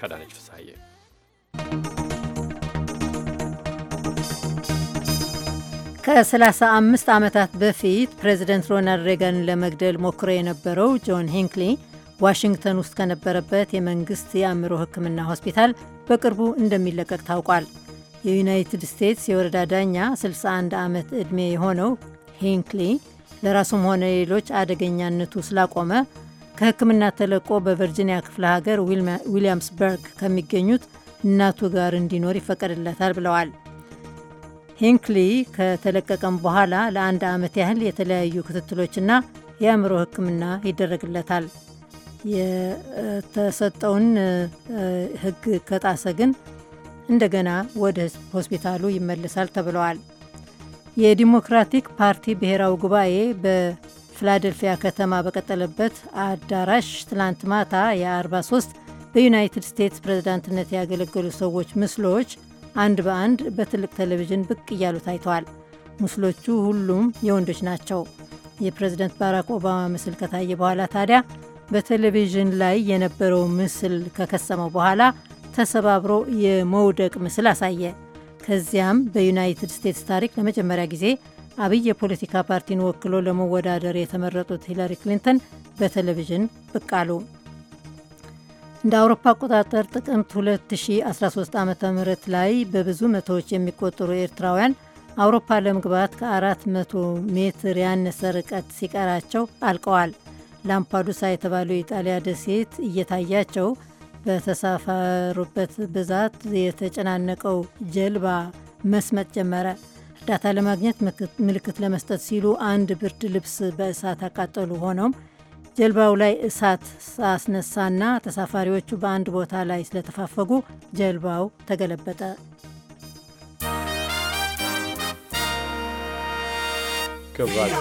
ከዳነች ፍሳዬ ከ35 ዓመታት በፊት ፕሬዚደንት ሮናልድ ሬገን ለመግደል ሞክሮ የነበረው ጆን ሂንክሊ ዋሽንግተን ውስጥ ከነበረበት የመንግስት የአእምሮ ሕክምና ሆስፒታል በቅርቡ እንደሚለቀቅ ታውቋል። የዩናይትድ ስቴትስ የወረዳ ዳኛ 61 ዓመት ዕድሜ የሆነው ሂንክሊ ለራሱም ሆነ ሌሎች አደገኛነቱ ስላቆመ ከሕክምና ተለቆ በቨርጂኒያ ክፍለ ሀገር ዊሊያምስበርግ ከሚገኙት እናቱ ጋር እንዲኖር ይፈቀድለታል ብለዋል። ሂንክሊ ከተለቀቀም በኋላ ለአንድ ዓመት ያህል የተለያዩ ክትትሎችና የአእምሮ ሕክምና ይደረግለታል። የተሰጠውን ሕግ ከጣሰ ግን እንደገና ወደ ሆስፒታሉ ይመለሳል ተብለዋል። የዲሞክራቲክ ፓርቲ ብሔራዊ ጉባኤ በፊላደልፊያ ከተማ በቀጠለበት አዳራሽ ትላንት ማታ የ43 በዩናይትድ ስቴትስ ፕሬዝዳንትነት ያገለገሉ ሰዎች ምስሎች አንድ በአንድ በትልቅ ቴሌቪዥን ብቅ እያሉ ታይተዋል። ምስሎቹ ሁሉም የወንዶች ናቸው። የፕሬዝደንት ባራክ ኦባማ ምስል ከታየ በኋላ ታዲያ በቴሌቪዥን ላይ የነበረው ምስል ከከሰመው በኋላ ተሰባብሮ የመውደቅ ምስል አሳየ። ከዚያም በዩናይትድ ስቴትስ ታሪክ ለመጀመሪያ ጊዜ አብይ የፖለቲካ ፓርቲን ወክሎ ለመወዳደር የተመረጡት ሂለሪ ክሊንተን በቴሌቪዥን ብቅ አሉ። እንደ አውሮፓ አቆጣጠር ጥቅምት 2013 ዓ ም ላይ በብዙ መቶዎች የሚቆጠሩ ኤርትራውያን አውሮፓ ለመግባት ከ400 ሜትር ያነሰ ርቀት ሲቀራቸው አልቀዋል። ላምፓዱሳ የተባለው የኢጣሊያ ደሴት እየታያቸው በተሳፈሩበት ብዛት የተጨናነቀው ጀልባ መስመጥ ጀመረ። እርዳታ ለማግኘት ምልክት ለመስጠት ሲሉ አንድ ብርድ ልብስ በእሳት አቃጠሉ። ሆኖም ጀልባው ላይ እሳት አስነሳና ተሳፋሪዎቹ በአንድ ቦታ ላይ ስለተፋፈጉ ጀልባው ተገለበጠ። ክብራት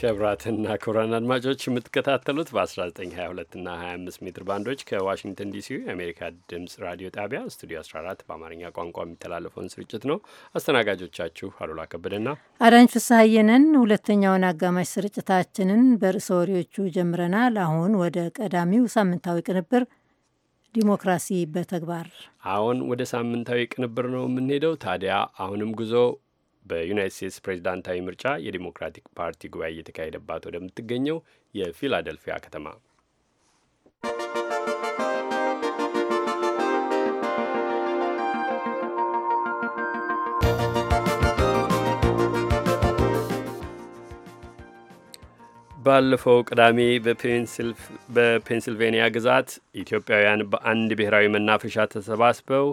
ክቡራትና ክቡራን አድማጮች የምትከታተሉት በ1922 እና 25 ሜትር ባንዶች ከዋሽንግተን ዲሲ የአሜሪካ ድምፅ ራዲዮ ጣቢያ ስቱዲዮ 14 በአማርኛ ቋንቋ የሚተላለፈውን ስርጭት ነው። አስተናጋጆቻችሁ አሉላ ከበደና አዳኝ ፍስሐየንን። ሁለተኛውን አጋማሽ ስርጭታችንን በርዕሰ ወሬዎቹ ጀምረናል። አሁን ወደ ቀዳሚው ሳምንታዊ ቅንብር ዲሞክራሲ በተግባር አሁን ወደ ሳምንታዊ ቅንብር ነው የምንሄደው። ታዲያ አሁንም ጉዞ በዩናይት ስቴትስ ፕሬዚዳንታዊ ምርጫ የዲሞክራቲክ ፓርቲ ጉባኤ እየተካሄደባት ወደምትገኘው የፊላደልፊያ ከተማ ባለፈው ቅዳሜ በፔንሲልቬንያ ግዛት ኢትዮጵያውያን በአንድ ብሔራዊ መናፈሻ ተሰባስበው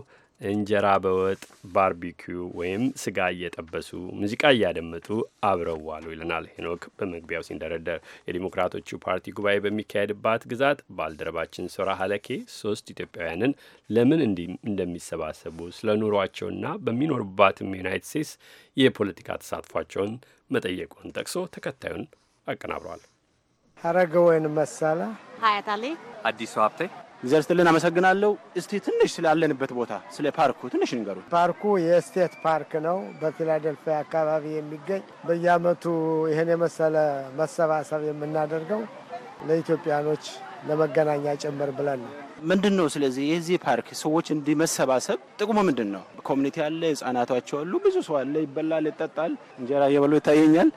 እንጀራ በወጥ ባርቢኪው ወይም ስጋ እየጠበሱ ሙዚቃ እያደመጡ አብረው ዋሉ ይለናል ሄኖክ በመግቢያው ሲንደረደር። የዲሞክራቶቹ ፓርቲ ጉባኤ በሚካሄድባት ግዛት ባልደረባችን ሶራ ሀለኬ ሶስት ኢትዮጵያውያንን ለምን እንደሚሰባሰቡ ስለ ኑሯቸውና በሚኖሩባትም ዩናይት ስቴትስ የፖለቲካ ተሳትፏቸውን መጠየቁን ጠቅሶ ተከታዩን አቀናብረዋል። ሀረገ ወይን መሳላ ሀያታሌ አዲሱ ሀብቴ እግዚአብሔር ይስጥልን። አመሰግናለሁ። እስቲ ትንሽ ስላለንበት ቦታ ስለ ፓርኩ ትንሽ ንገሩ። ፓርኩ የስቴት ፓርክ ነው፣ በፊላደልፊያ አካባቢ የሚገኝ በየአመቱ ይህን የመሰለ መሰባሰብ የምናደርገው ለኢትዮጵያኖች ለመገናኛ ጭምር ብለን ነው። ምንድን ነው ስለዚህ የዚህ ፓርክ ሰዎች እንዲመሰባሰብ ጥቅሙ ምንድን ነው? ኮሚኒቲ አለ፣ ህጻናቷቸው አሉ፣ ብዙ ሰው አለ፣ ይበላል፣ ይጠጣል፣ እንጀራ እየበሉ ይታየኛል።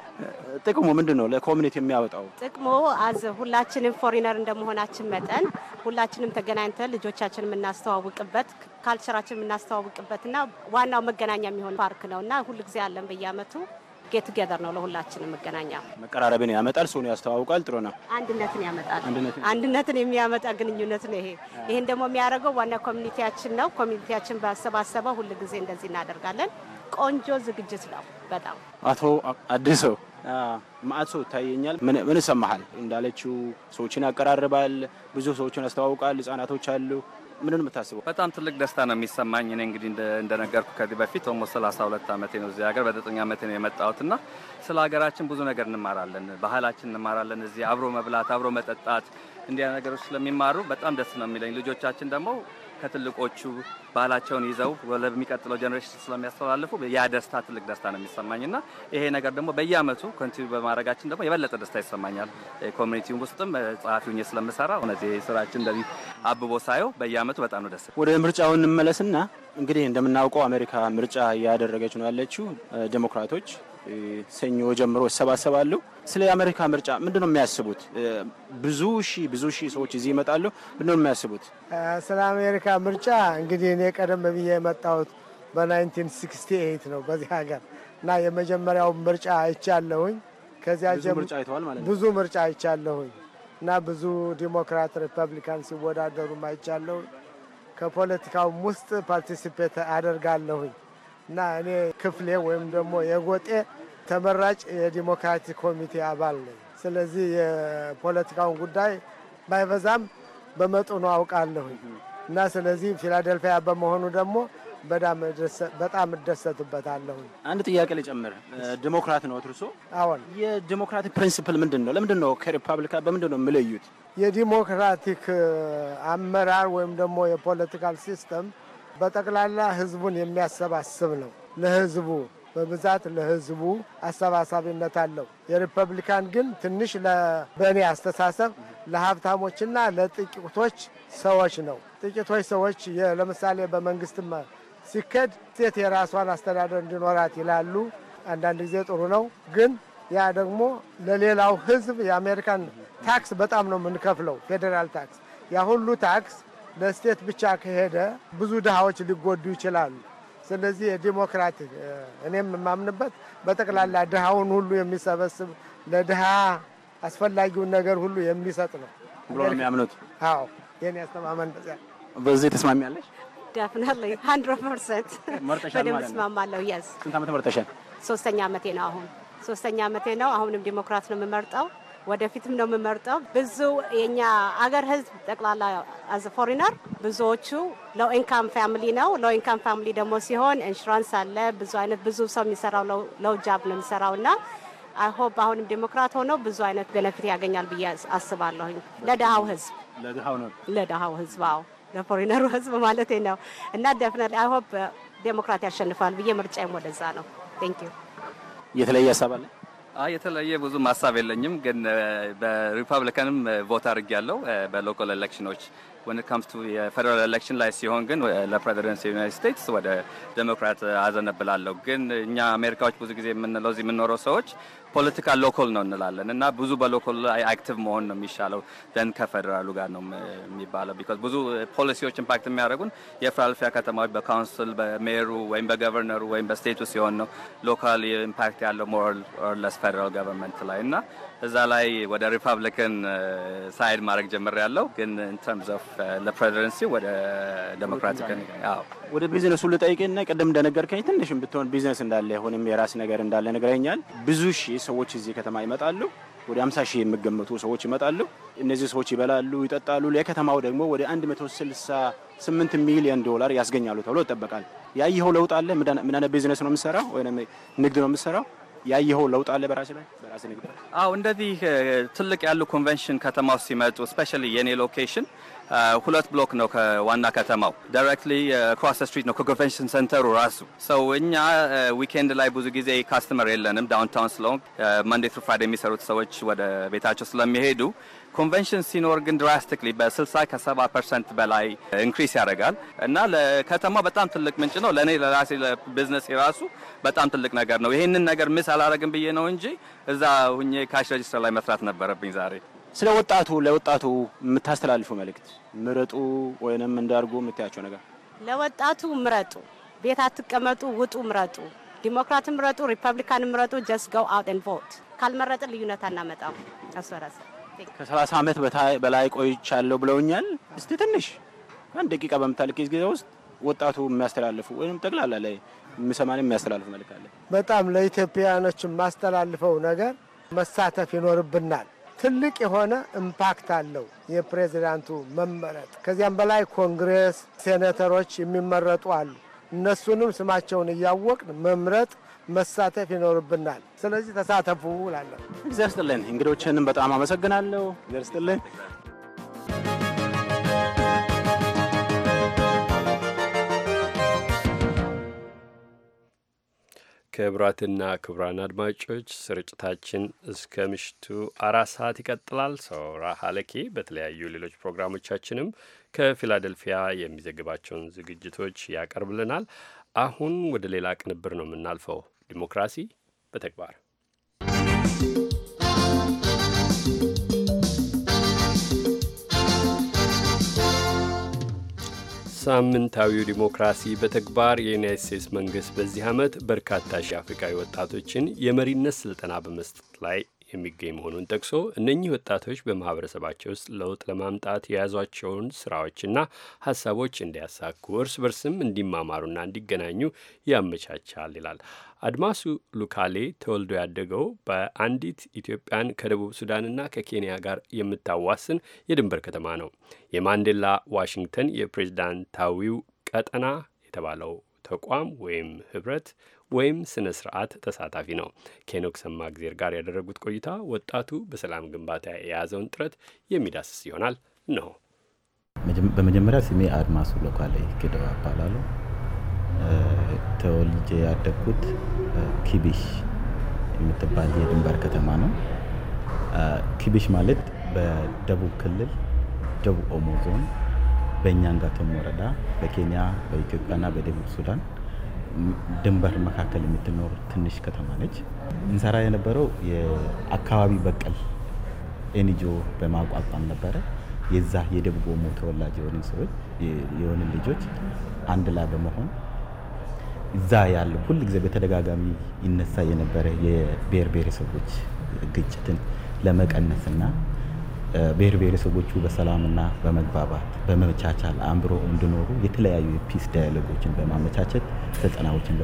ጥቅሙ ምንድን ነው? ለኮሚኒቲ የሚያወጣው ጥቅሙ አዝ ሁላችንም ፎሪነር እንደመሆናችን መጠን ሁላችንም ተገናኝተን ልጆቻችን የምናስተዋውቅበት ካልቸራችን የምናስተዋውቅበትና ዋናው መገናኛ የሚሆን ፓርክ ነው እና ሁልጊዜ አለን በየአመቱ ጌት ቱጌዘር ነው ለሁላችን መገናኛ መቀራረብን ያመጣል፣ ሰውን ያስተዋውቃል። ጥሩ ነው። አንድነትን ያመጣል። አንድነትን የሚያመጣ ግንኙነት ነው ይሄ። ይህን ደግሞ የሚያደርገው ዋና ኮሚኒቲያችን ነው። ኮሚኒቲያችን ባሰባሰበ ሁል ጊዜ እንደዚህ እናደርጋለን። ቆንጆ ዝግጅት ነው በጣም። አቶ አዲሶ ማአቶ ሰው ምን ይሰማሃል? እንዳለችው ሰዎችን ያቀራርባል፣ ብዙ ሰዎችን ያስተዋውቃል። ህጻናቶች አሉ ምንን የምታስበው? በጣም ትልቅ ደስታ ነው የሚሰማኝ። እኔ እንግዲህ እንደነገርኩ ከዚህ በፊት ኦልሞስት 32 ዓመቴ ነው እዚህ ሀገር፣ በዘጠኝ ዓመቴ ነው የመጣሁት እና ስለ ሀገራችን ብዙ ነገር እንማራለን፣ ባህላችን እንማራለን። እዚህ አብሮ መብላት፣ አብሮ መጠጣት እንዲያ ነገሮች ስለሚማሩ በጣም ደስ ነው የሚለኝ። ልጆቻችን ደግሞ ከትልቆቹ ባህላቸውን ይዘው ለሚቀጥለው ጀኔሬሽን ስለሚያስተላልፉ ያ ደስታ ትልቅ ደስታ ነው የሚሰማኝ እና ይሄ ነገር ደግሞ በየአመቱ ኮንቲኒ በማድረጋችን ደግሞ የበለጠ ደስታ ይሰማኛል። ኮሚኒቲው ውስጥም ጸሐፊ ሁኜ ስለምሰራ እውነት ስራችን እንደዚህ አብቦ ሳየው በየአመቱ በጣም ነው ደስ ወደ ምርጫው እንመለስና እንግዲህ እንደምናውቀው አሜሪካ ምርጫ እያደረገች ነው ያለችው ዴሞክራቶች ሰኞ ጀምሮ ይሰባሰባሉ። ስለ አሜሪካ ምርጫ ምንድን ነው የሚያስቡት? ብዙ ሺ ብዙ ሺ ሰዎች እዚህ ይመጣሉ። ምንድን ነው የሚያስቡት ስለ አሜሪካ ምርጫ? እንግዲህ እኔ ቀደም ብዬ የመጣሁት በ1968 ነው በዚህ ሀገር እና የመጀመሪያው ምርጫ አይቻለሁኝ። ከዚያ ብዙ ምርጫ አይቻለሁኝ እና ብዙ ዲሞክራት ሪፐብሊካን ሲወዳደሩም አይቻለሁኝ። ከፖለቲካውም ውስጥ ፓርቲሲፔት አደርጋለሁኝ። እና እኔ ክፍሌ ወይም ደግሞ የጎጤ ተመራጭ የዲሞክራቲክ ኮሚቴ አባል ነኝ። ስለዚህ የፖለቲካውን ጉዳይ ባይበዛም በመጠኑ አውቃለሁ እና ስለዚህ ፊላደልፊያ በመሆኑ ደግሞ በጣም እደሰትበታለሁ። አንድ ጥያቄ ልጨምር። ዲሞክራት ነው እርሶ? አዎን። የዲሞክራቲክ ፕሪንስፕል ምንድን ነው? ለምንድን ነው ከሪፐብሊካ በምንድን ነው የምለዩት? የዲሞክራቲክ አመራር ወይም ደግሞ የፖለቲካል ሲስተም በጠቅላላ ህዝቡን የሚያሰባስብ ነው። ለህዝቡ በብዛት ለህዝቡ አሰባሳቢነት አለው። የሪፐብሊካን ግን ትንሽ በእኔ አስተሳሰብ ለሀብታሞችና ለጥቂቶች ሰዎች ነው። ጥቂቶች ሰዎች ለምሳሌ በመንግስት ሲከድ ሴት የራሷን አስተዳደር እንዲኖራት ይላሉ። አንዳንድ ጊዜ ጥሩ ነው፣ ግን ያ ደግሞ ለሌላው ህዝብ የአሜሪካን ታክስ በጣም ነው የምንከፍለው፣ ፌዴራል ታክስ ያ ሁሉ ታክስ ለስቴት ብቻ ከሄደ ብዙ ድሃዎች ሊጎዱ ይችላሉ። ስለዚህ የዲሞክራቲክ እኔም የማምንበት በጠቅላላ ድሃውን ሁሉ የሚሰበስብ ለድሃ አስፈላጊውን ነገር ሁሉ የሚሰጥ ነው ብሎ ነው የሚያምኑት። አዎ የኔ አስተማመን በዚህ ተስማሚያለሽ? ዳፍናለኝ ሀንድረድ ፐርሰንት በደምብ እስማማለሁ። የስ ስንት ዓመት መርጠሻል? ሶስተኛ ዓመቴ ነው አሁን ሶስተኛ ዓመቴ ነው። አሁንም ዲሞክራት ነው የምመርጠው። ወደፊትም ነው የምመርጠው። ብዙ የኛ አገር ህዝብ ጠቅላላ አዘ ፎሪነር ብዙዎቹ ሎው ኢንካም ፋሚሊ ነው። ሎው ኢንካም ፋሚሊ ደግሞ ሲሆን ኢንሹራንስ አለ። ብዙ አይነት ብዙ ሰው የሚሰራው ሎው ጃብ ነው የሚሰራው እና ሆፕ አሁንም ዴሞክራት ሆኖ ብዙ አይነት ቤነፊት ያገኛል ብዬ አስባለሁኝ። ለድሃው ህዝብ ለድሃው ነው ለድሃው ህዝብ አዎ፣ ለፎሪነሩ ህዝብ ማለት ነው እና ደፍነት አይ ሆፕ ዴሞክራት ያሸንፋል ብዬ ምርጫዬም ወደዛ ነው። ቴንክ ዩ የተለየ ሀሳብ አለ የተለየ ብዙ ማሳብ የለኝም፣ ግን በሪፐብሊካንም ቮት አድርጌያለሁ በሎካል ኤሌክሽኖች ወን ካምስ ቱ የፌደራል ኤሌክሽን ላይ ሲሆን ግን ለፕሬዚደንት ዩናይትድ ስቴትስ ወደ ዴሞክራት አዘነብላለሁ። ግን እኛ አሜሪካዎች ብዙ ጊዜ የምንለው እዚህ የምንኖረው ሰዎች ፖለቲካ ሎኮል ነው እንላለን እና ብዙ በሎኮል ላይ አክቲቭ መሆን ነው የሚሻለው ዘንድ ከፌደራሉ ጋር ነው የሚባለው። ቢኮዝ ብዙ ፖሊሲዎች ኢምፓክት የሚያደርጉን የፍላልፊያ ከተማዎች በካውንስል በሜሩ ወይም በገቨርነሩ ወይም በስቴቱ ሲሆን ነው። ሎካል ኢምፓክት ያለው ሞር ለስ ፌደራል ገቨርንመንት ላይ እና እዛ ላይ ወደ ሪፐብሊካን ሳይድ uh, ማድረግ ጀምር ያለው ግን ኢንተርምስ ኦፍ ለፕሬዚደንሲ ወደ ዴሞክራቲክ ወደ ቢዝነሱ ልጠይቅና ቅድም እንደነገርከኝ ትንሽም ብትሆን ቢዝነስ እንዳለ ይሁንም የራስ ነገር እንዳለ ነግረኛል። ብዙ ሺህ ሰዎች እዚህ ከተማ ይመጣሉ። ወደ 50 ሺህ የሚገመቱ ሰዎች ይመጣሉ። እነዚህ ሰዎች ይበላሉ፣ ይጠጣሉ። ለከተማው ደግሞ ወደ 168 ሚሊዮን ዶላር ያስገኛሉ ተብሎ ይጠበቃል። ያየኸው ለውጥ አለ? ምን አይነት ቢዝነስ ነው የምሰራው ወይም ንግድ ነው የምሰራው? ያየኸው ለውጥ አለ በራሴ ላይ በራሴ ንግድ ላይ? አዎ እንደዚህ ትልቅ ያሉ ኮንቨንሽን ከተማ ውስጥ ሲመጡ ስፔሻሊ የኔ ሎኬሽን ሁለት ብሎክ ነው ከዋና ከተማው ዳይሬክትሊ ክሮስ ስትሪት ነው ከኮንቬንሽን ሰንተሩ ራሱ ሰው እኛ ዊኬንድ ላይ ብዙ ጊዜ ካስተመር የለንም ዳውንታውን ስለሆን መንዴ ትሩ ፍራይዴ የሚሰሩት ሰዎች ወደ ቤታቸው ስለሚሄዱ ኮንቬንሽን ሲኖር ግን ድራስቲክሊ በ60 ከ70 ፐርሰንት በላይ ኢንክሪስ ያደርጋል እና ለከተማ በጣም ትልቅ ምንጭ ነው ለእኔ ለራሴ ለቢዝነስ የራሱ በጣም ትልቅ ነገር ነው። ይህንን ነገር ምስ አላረግም ብዬ ነው እንጂ እዛ ሁኜ ካሽ ሬጅስተር ላይ መስራት ነበረብኝ ዛሬ። ስለ ወጣቱ ለወጣቱ የምታስተላልፉ መልእክት ምረጡ ወይንም እንዳርጉ የምታያቸው ነገር? ለወጣቱ ምረጡ፣ ቤት አትቀመጡ፣ ውጡ፣ ምረጡ። ዲሞክራት ምረጡ፣ ሪፐብሊካን ምረጡ። ጀስት ጎ አውት ኤንድ ቮት። ካልመረጥን ልዩነት አናመጣም። አስወራሰ ከ30 ዓመት በላይ ቆይቻለሁ ብለውኛል። እስቲ ትንሽ አንድ ደቂቃ በምታልቅ ጊዜ ውስጥ ወጣቱ የሚያስተላልፉ ወይም ጠቅላላ ላይ የሚሰማን የሚያስተላልፍ መልክ አለ። በጣም ለኢትዮጵያውያኖች የማስተላልፈው ነገር መሳተፍ ይኖርብናል። ትልቅ የሆነ ኢምፓክት አለው የፕሬዚዳንቱ መመረጥ። ከዚያም በላይ ኮንግሬስ፣ ሴኔተሮች የሚመረጡ አሉ። እነሱንም ስማቸውን እያወቅን መምረጥ መሳተፍ ይኖርብናል። ስለዚህ ተሳተፉ እላለሁ። እግዚአብሔር ይስጥልን። እንግዶችንም በጣም አመሰግናለሁ። እግዚአብሔር ይስጥልን። ክቡራትና ክቡራን አድማጮች ስርጭታችን እስከ ምሽቱ አራት ሰዓት ይቀጥላል። ሰውራ ሀለኬ በተለያዩ ሌሎች ፕሮግራሞቻችንም ከፊላደልፊያ የሚዘግባቸውን ዝግጅቶች ያቀርብልናል። አሁን ወደ ሌላ ቅንብር ነው የምናልፈው። ዲሞክራሲ በተግባር ሳምንታዊው ዲሞክራሲ በተግባር የዩናይት ስቴትስ መንግሥት በዚህ ዓመት በርካታ ሺህ አፍሪካዊ ወጣቶችን የመሪነት ሥልጠና በመስጠት ላይ የሚገኝ መሆኑን ጠቅሶ እነኚህ ወጣቶች በማህበረሰባቸው ውስጥ ለውጥ ለማምጣት የያዟቸውን ስራዎችና ሀሳቦች እንዲያሳኩ እርስ በርስም እንዲማማሩና እንዲገናኙ ያመቻቻል ይላል። አድማሱ ሉካሌ ተወልዶ ያደገው በአንዲት ኢትዮጵያን ከደቡብ ሱዳንና ከኬንያ ጋር የምታዋስን የድንበር ከተማ ነው። የማንዴላ ዋሽንግተን የፕሬዝዳንታዊው ቀጠና የተባለው ተቋም ወይም ህብረት ወይም ስነ ስርዓት ተሳታፊ ነው። ሰማ ጊዜር ጋር ያደረጉት ቆይታ ወጣቱ በሰላም ግንባታ የያዘውን ጥረት የሚዳስስ ይሆናል ነው። በመጀመሪያ ስሜ አድማሱ ሎካለ ኬደዋ እባላለሁ። ተወልጄ ያደግኩት ኪቢሽ የምትባል የድንበር ከተማ ነው። ኪቢሽ ማለት በደቡብ ክልል ደቡብ ኦሞ ዞን በእኛንጋቶም ወረዳ በኬንያ በኢትዮጵያና በደቡብ ሱዳን ድንበር መካከል የምትኖር ትንሽ ከተማ ነች። እንሰራ የነበረው የአካባቢ በቀል ኤንጂኦ በማቋቋም ነበረ። የዛ የደቡብ ኦሞ ተወላጅ የሆኑ ሰዎች የሆኑ ልጆች አንድ ላይ በመሆን እዛ ያለው ሁል ጊዜ በተደጋጋሚ ይነሳ የነበረ የብሔር ብሔረሰቦች ግጭትን ለመቀነስና ብሔር ብሔረሰቦቹ በሰላምና በመግባባት በመቻቻል አምብሮ እንዲኖሩ የተለያዩ የፒስ ዳያሎጎችን በማመቻቸት ስልጠናዎችን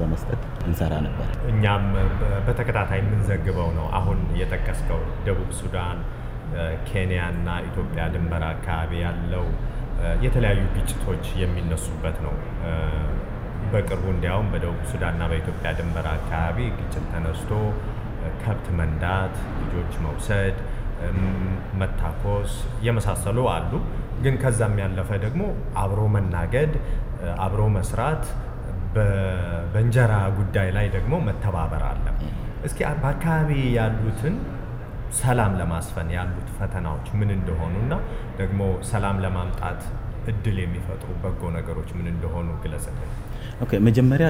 በመስጠት እንሰራ ነበር። እኛም በተከታታይ የምንዘግበው ነው። አሁን የጠቀስከው ደቡብ ሱዳን፣ ኬንያና ኢትዮጵያ ድንበር አካባቢ ያለው የተለያዩ ግጭቶች የሚነሱበት ነው። በቅርቡ እንዲያውም በደቡብ ሱዳንና በኢትዮጵያ ድንበር አካባቢ ግጭት ተነስቶ ከብት መንዳት፣ ልጆች መውሰድ መታኮስ የመሳሰሉ አሉ። ግን ከዛም ያለፈ ደግሞ አብሮ መናገድ፣ አብሮ መስራት፣ በእንጀራ ጉዳይ ላይ ደግሞ መተባበር አለ። እስኪ በአካባቢ ያሉትን ሰላም ለማስፈን ያሉት ፈተናዎች ምን እንደሆኑ እና ደግሞ ሰላም ለማምጣት እድል የሚፈጥሩ በጎ ነገሮች ምን እንደሆኑ ግለጽልን። ኦኬ መጀመሪያ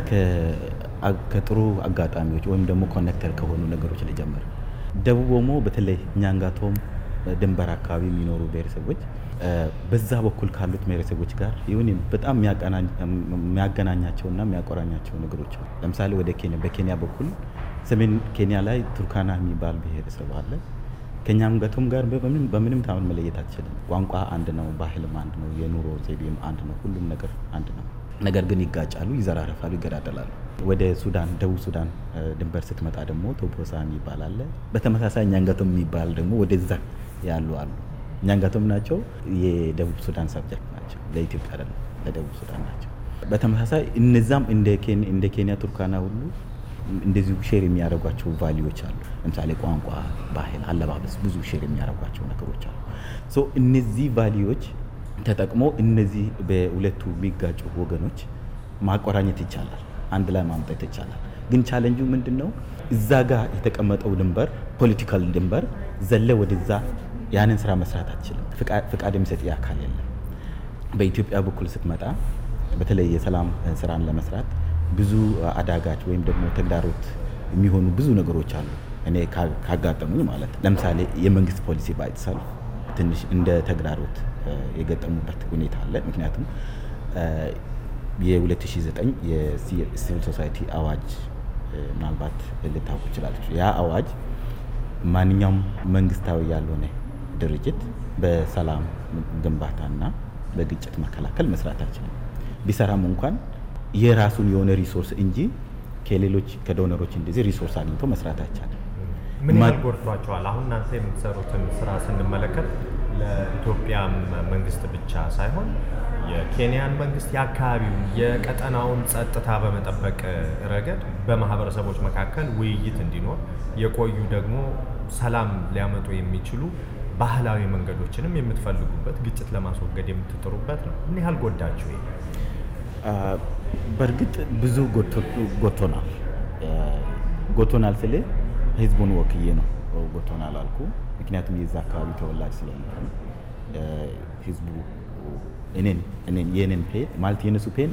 ከጥሩ አጋጣሚዎች ወይም ደግሞ ኮኔክተር ከሆኑ ነገሮች ልጀምር። ደቡብ ኦሞ በተለይ ኛንጋቶም ድንበር አካባቢ የሚኖሩ ብሔረሰቦች በዛ በኩል ካሉት ብሔረሰቦች ጋር ይሁን በጣም የሚያገናኛቸውና የሚያቆራኛቸው ነገሮች ለምሳሌ ወደ ኬንያ በኬንያ በኩል ሰሜን ኬንያ ላይ ቱርካና የሚባል ብሔረሰብ አለ። ገቶም ጋር በምንም ታምን መለየት አትችልም። ቋንቋ አንድ ነው፣ ባህልም አንድ ነው፣ የኑሮ ዘይቤም አንድ ነው፣ ሁሉም ነገር አንድ ነው። ነገር ግን ይጋጫሉ፣ ይዘራረፋሉ፣ ይገዳደላሉ። ወደ ሱዳን ደቡብ ሱዳን ድንበር ስትመጣ ደግሞ ቶፖሳ የሚባል አለ። በተመሳሳይ እኛንገቶም የሚባል ደግሞ ወደዛ ያሉ አሉ። እኛንገቶም ናቸው የደቡብ ሱዳን ሰብጀክት ናቸው፣ ለኢትዮጵያ ደ ለደቡብ ሱዳን ናቸው። በተመሳሳይ እነዛም እንደ ኬንያ ቱርካና ሁሉ እንደዚሁ ሼር የሚያደርጓቸው ቫሊዎች አሉ። ለምሳሌ ቋንቋ፣ ባህል፣ አለባበስ ብዙ ሼር የሚያደርጓቸው ነገሮች አሉ። እነዚህ ቫሊዎች ተጠቅሞ እነዚህ በሁለቱ የሚጋጩ ወገኖች ማቆራኘት ይቻላል። አንድ ላይ ማምጣት ይቻላል። ግን ቻለንጁ ምንድን ነው? እዛ ጋር የተቀመጠው ድንበር ፖለቲካል ድንበር ዘለ ወደዛ ያንን ስራ መስራት አትችልም። ፍቃድ የሚሰጥ አካል የለም። በኢትዮጵያ በኩል ስትመጣ በተለይ የሰላም ስራን ለመስራት ብዙ አዳጋች ወይም ደግሞ ተግዳሮት የሚሆኑ ብዙ ነገሮች አሉ። እኔ ካጋጠሙኝ ማለት ለምሳሌ የመንግስት ፖሊሲ ባይተሳልፍ ትንሽ እንደ ተግዳሮት የገጠሙበት ሁኔታ አለ። ምክንያቱም የ2009 የሲቪል ሶሳይቲ አዋጅ ምናልባት ልታውቁ ይችላለች። ያ አዋጅ ማንኛውም መንግስታዊ ያልሆነ ድርጅት በሰላም ግንባታና በግጭት መከላከል መስራት አይችልም። ቢሰራም እንኳን የራሱን የሆነ ሪሶርስ እንጂ ከሌሎች ከዶነሮች እንደዚህ ሪሶርስ አግኝቶ መስራት አይቻልም። ምን ያህል ጎድቷቸዋል? አሁን እናንተ የምትሰሩትን ስራ ስንመለከት ለኢትዮጵያ መንግስት ብቻ ሳይሆን የኬንያን መንግስት የአካባቢውን የቀጠናውን ጸጥታ በመጠበቅ ረገድ በማህበረሰቦች መካከል ውይይት እንዲኖር የቆዩ ደግሞ ሰላም ሊያመጡ የሚችሉ ባህላዊ መንገዶችንም የምትፈልጉበት ግጭት ለማስወገድ የምትጥሩበት ነው። ምን ያህል ጎዳችሁ? በእርግጥ ብዙ ጎቶናል። ጎቶናል ስል ህዝቡን ወክዬ ነው ጎቶናል አልኩ። ምክንያቱም የዛ አካባቢ ተወላጅ ስለሆነ ህዝቡ እኔን ፔን ማለት የእነሱ ፔን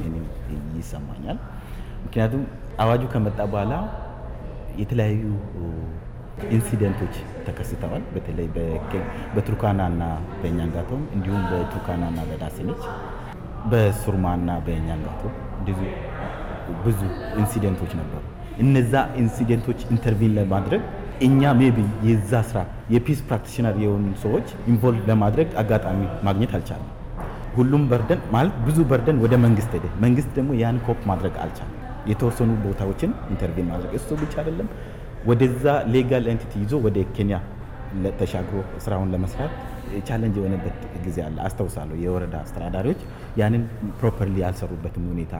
ይሰማኛል። ምክንያቱም አዋጁ ከመጣ በኋላ የተለያዩ ኢንሲደንቶች ተከስተዋል። በተለይ በቱርካና ና በእኛንጋቶ እንዲሁም በቱርካና ና በቱርካናና በሱርማ ና በእኛንጋቶ ብዙ ኢንሲደንቶች ነበሩ። እነዛ ኢንሲደንቶች ኢንተርቪን ለማድረግ እኛ ሜቢ የዛ ስራ የፒስ ፕራክቲሽነር የሆኑ ሰዎች ኢንቮልቭ ለማድረግ አጋጣሚ ማግኘት አልቻለም። ሁሉም በርደን ማለት ብዙ በርደን ወደ መንግስት ሄደ። መንግስት ደግሞ ያን ኮፕ ማድረግ አልቻለም። የተወሰኑ ቦታዎችን ኢንተርቪን ማድረግ እሱ ብቻ አይደለም። ወደዛ ሌጋል ኤንቲቲ ይዞ ወደ ኬንያ ተሻግሮ ስራውን ለመስራት ቻለንጅ የሆነበት ጊዜ አለ አስታውሳለሁ። የወረዳ አስተዳዳሪዎች ያንን ፕሮፐርሊ ያልሰሩበትም ሁኔታ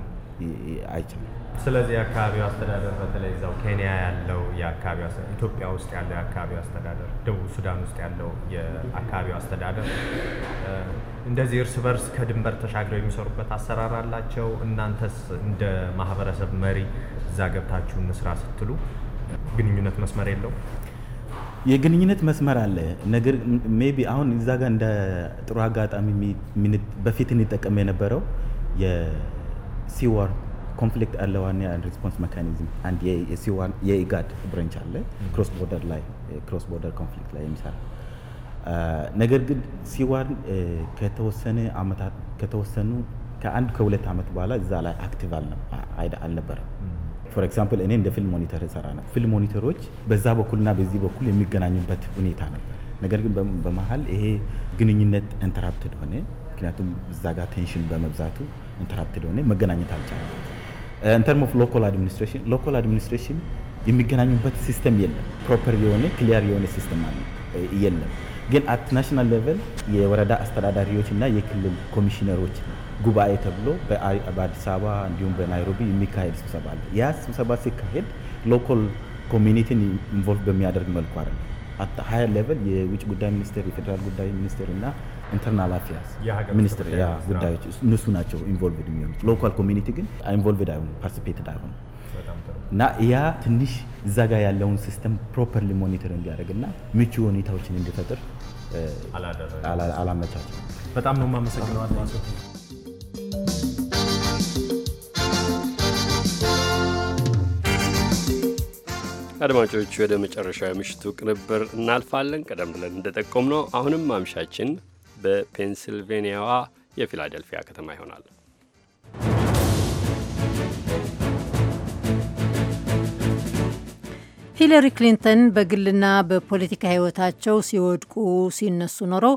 አይቻልም። ስለዚህ የአካባቢው አስተዳደር በተለይ እዛው ኬንያ ያለው የአካባቢው ኢትዮጵያ ውስጥ ያለው የአካባቢው አስተዳደር፣ ደቡብ ሱዳን ውስጥ ያለው የአካባቢው አስተዳደር እንደዚህ እርስ በርስ ከድንበር ተሻግረው የሚሰሩበት አሰራር አላቸው። እናንተስ እንደ ማህበረሰብ መሪ እዛ ገብታችሁ እንስራ ስትሉ ግንኙነት መስመር የለው? የግንኙነት መስመር አለ። ነገር ሜይ ቢ አሁን እዛ ጋር እንደ ጥሩ አጋጣሚ በፊት እንጠቀም የነበረው የሲወር ኮንፍሊክት አለ። ዋና ሪስፖንስ መካኒዝም አንድ የኢጋድ ብረንች አለ ክሮስ ቦርደር ላይ ክሮስ ቦርደር ኮንፍሊክት ላይ የሚሰራ ነገር ግን ሲዋን ከተወሰነ አመታት ከተወሰኑ ከአንድ ከሁለት ዓመት በኋላ እዛ ላይ አክቲቭ አልነበረም። ፎር ኤግዛምፕል እኔ እንደ ፊልም ሞኒተር ሰራ ነው። ፊልም ሞኒተሮች በዛ በኩልና በዚህ በኩል የሚገናኙበት ሁኔታ ነበር። ነገር ግን በመሀል ይሄ ግንኙነት ኢንተራፕትድ ሆነ። ምክንያቱም እዛ ጋር ቴንሽን በመብዛቱ ኢንተራፕትድ ሆነ፣ መገናኘት አልቻለም። ተርም ኦፍ ሎካል አድሚኒስትሬሽን ሎካል አድሚኒስትሬሽን የሚገናኙበት ሲስተም የለም። ፕሮፐር የሆነ ክሊያር የሆነ ሲስተም uh, የለም። ግን አት ናሽናል ሌቨል የወረዳ አስተዳዳሪዎች እና የክልል ኮሚሽነሮች ጉባኤ ተብሎ በአዲስ አበባ እንዲሁም በናይሮቢ የሚካሄድ ስብሰባ አለ። ያ ስብሰባ ሲካሄድ ሎካል ኮሚኒቲን ኢንቮልቭ በሚያደርግ መልኩ አለ። ሀያ ሌቨል የውጭ ጉዳይ ሚኒስቴር፣ የፌዴራል ጉዳይ ሚኒስቴር እና ኢንተርናል አፌርስ ሚኒስትር ጉዳዮች እነሱ ናቸው ኢንቮልቭድ የሚሆኑት። ሎካል ኮሚኒቲ ግን ኢንቮልቭድ አይሆኑ ፓርቲሲፔትድ አይሆኑ እና ያ ትንሽ እዛ ጋር ያለውን ሲስተም ፕሮፐርሊ ሞኒተር እንዲያደርግና ምቹ ሁኔታዎችን እንዲፈጥር አላመቻቸው። በጣም ነው የማመሰግነው። አድማጮች ወደ መጨረሻው የምሽቱ ቅንብር እናልፋለን። ቀደም ብለን እንደጠቆም ነው አሁንም ማምሻችን በፔንስልቬንያዋ የፊላደልፊያ ከተማ ይሆናል። ሂለሪ ክሊንተን በግልና በፖለቲካ ሕይወታቸው ሲወድቁ ሲነሱ ኖረው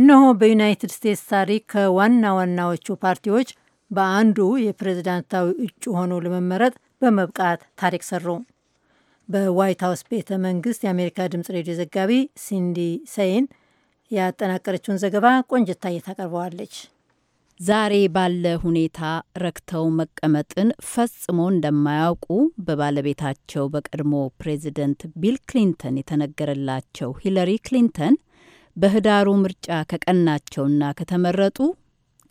እነሆ በዩናይትድ ስቴትስ ታሪክ ከዋና ዋናዎቹ ፓርቲዎች በአንዱ የፕሬዝዳንታዊ እጩ ሆኖ ለመመረጥ በመብቃት ታሪክ ሰሩ። በዋይት ሀውስ ቤተ መንግስት የአሜሪካ ድምጽ ሬዲዮ ዘጋቢ ሲንዲ ሰይን ያጠናቀረችውን ዘገባ ቆንጅታ ታቀርበዋለች። ዛሬ ባለ ሁኔታ ረክተው መቀመጥን ፈጽሞ እንደማያውቁ በባለቤታቸው በቀድሞ ፕሬዚደንት ቢል ክሊንተን የተነገረላቸው ሂለሪ ክሊንተን በህዳሩ ምርጫ ከቀናቸውና ከተመረጡ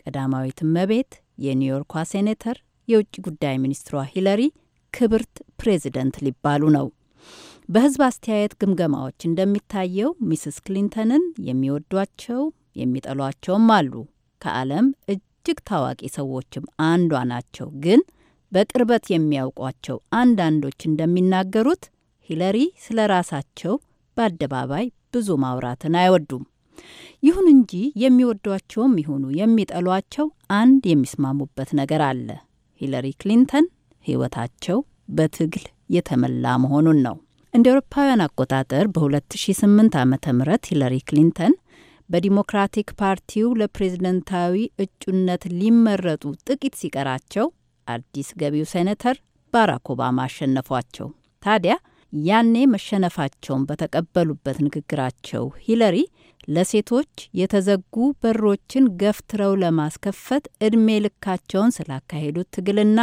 ቀዳማዊት እመቤት፣ የኒውዮርኳ ሴኔተር፣ የውጭ ጉዳይ ሚኒስትሯ ሂለሪ ክብርት ፕሬዚደንት ሊባሉ ነው። በህዝብ አስተያየት ግምገማዎች እንደሚታየው ሚስስ ክሊንተንን የሚወዷቸው የሚጠሏቸውም አሉ። ከዓለም እጅግ ታዋቂ ሰዎችም አንዷ ናቸው። ግን በቅርበት የሚያውቋቸው አንዳንዶች እንደሚናገሩት ሂለሪ ስለ ራሳቸው በአደባባይ ብዙ ማውራትን አይወዱም። ይሁን እንጂ የሚወዷቸውም ይሆኑ የሚጠሏቸው አንድ የሚስማሙበት ነገር አለ። ሂለሪ ክሊንተን ህይወታቸው በትግል የተመላ መሆኑን ነው። እንደ አውሮፓውያን አቆጣጠር በ2008 ዓ ም ሂለሪ ክሊንተን በዲሞክራቲክ ፓርቲው ለፕሬዝደንታዊ እጩነት ሊመረጡ ጥቂት ሲቀራቸው አዲስ ገቢው ሴኔተር ባራክ ኦባማ አሸነፏቸው። ታዲያ ያኔ መሸነፋቸውን በተቀበሉበት ንግግራቸው ሂለሪ ለሴቶች የተዘጉ በሮችን ገፍትረው ለማስከፈት ዕድሜ ልካቸውን ስላካሄዱት ትግልና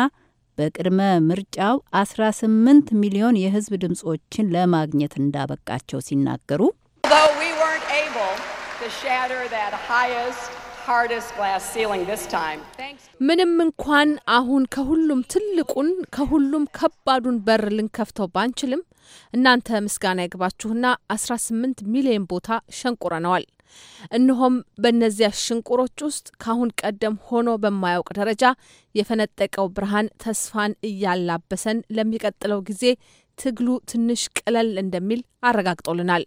በቅድመ ምርጫው 18 ሚሊዮን የህዝብ ድምጾችን ለማግኘት እንዳበቃቸው ሲናገሩ ምንም እንኳን አሁን ከሁሉም ትልቁን ከሁሉም ከባዱን በር ልንከፍተው ባንችልም እናንተ ምስጋና ይግባችሁና 18 ሚሊዮን ቦታ ሸንቁረነዋል። እነሆም በእነዚያ ሽንቁሮች ውስጥ ካሁን ቀደም ሆኖ በማያውቅ ደረጃ የፈነጠቀው ብርሃን ተስፋን እያላበሰን ለሚቀጥለው ጊዜ ትግሉ ትንሽ ቅለል እንደሚል አረጋግጦልናል።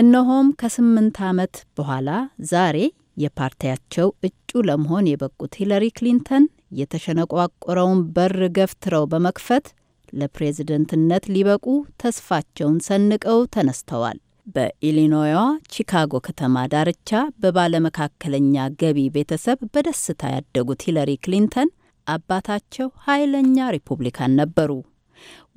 እነሆም ከስምንት ዓመት በኋላ ዛሬ የፓርቲያቸው እጩ ለመሆን የበቁት ሂለሪ ክሊንተን የተሸነቋቆረውን በር ገፍትረው በመክፈት ለፕሬዝደንትነት ሊበቁ ተስፋቸውን ሰንቀው ተነስተዋል። በኢሊኖይዋ ቺካጎ ከተማ ዳርቻ በባለመካከለኛ ገቢ ቤተሰብ በደስታ ያደጉት ሂለሪ ክሊንተን አባታቸው ኃይለኛ ሪፑብሊካን ነበሩ።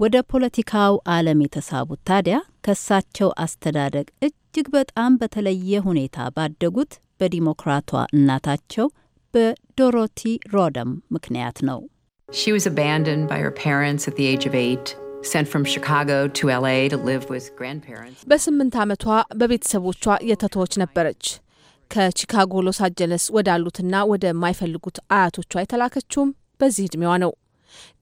ወደ ፖለቲካው ዓለም የተሳቡት ታዲያ ከሳቸው አስተዳደግ እጅግ በጣም በተለየ ሁኔታ ባደጉት በዲሞክራቷ እናታቸው በዶሮቲ ሮደም ምክንያት ነው። She was abandoned by her parents at the age of eight. በስምንት ዓመቷ በቤተሰቦቿ የተተወች ነበረች። ከቺካጎ ሎስ አንጀለስ ወዳሉትና ወደማይፈልጉት አያቶቿ የተላከችውም በዚህ እድሜዋ ነው።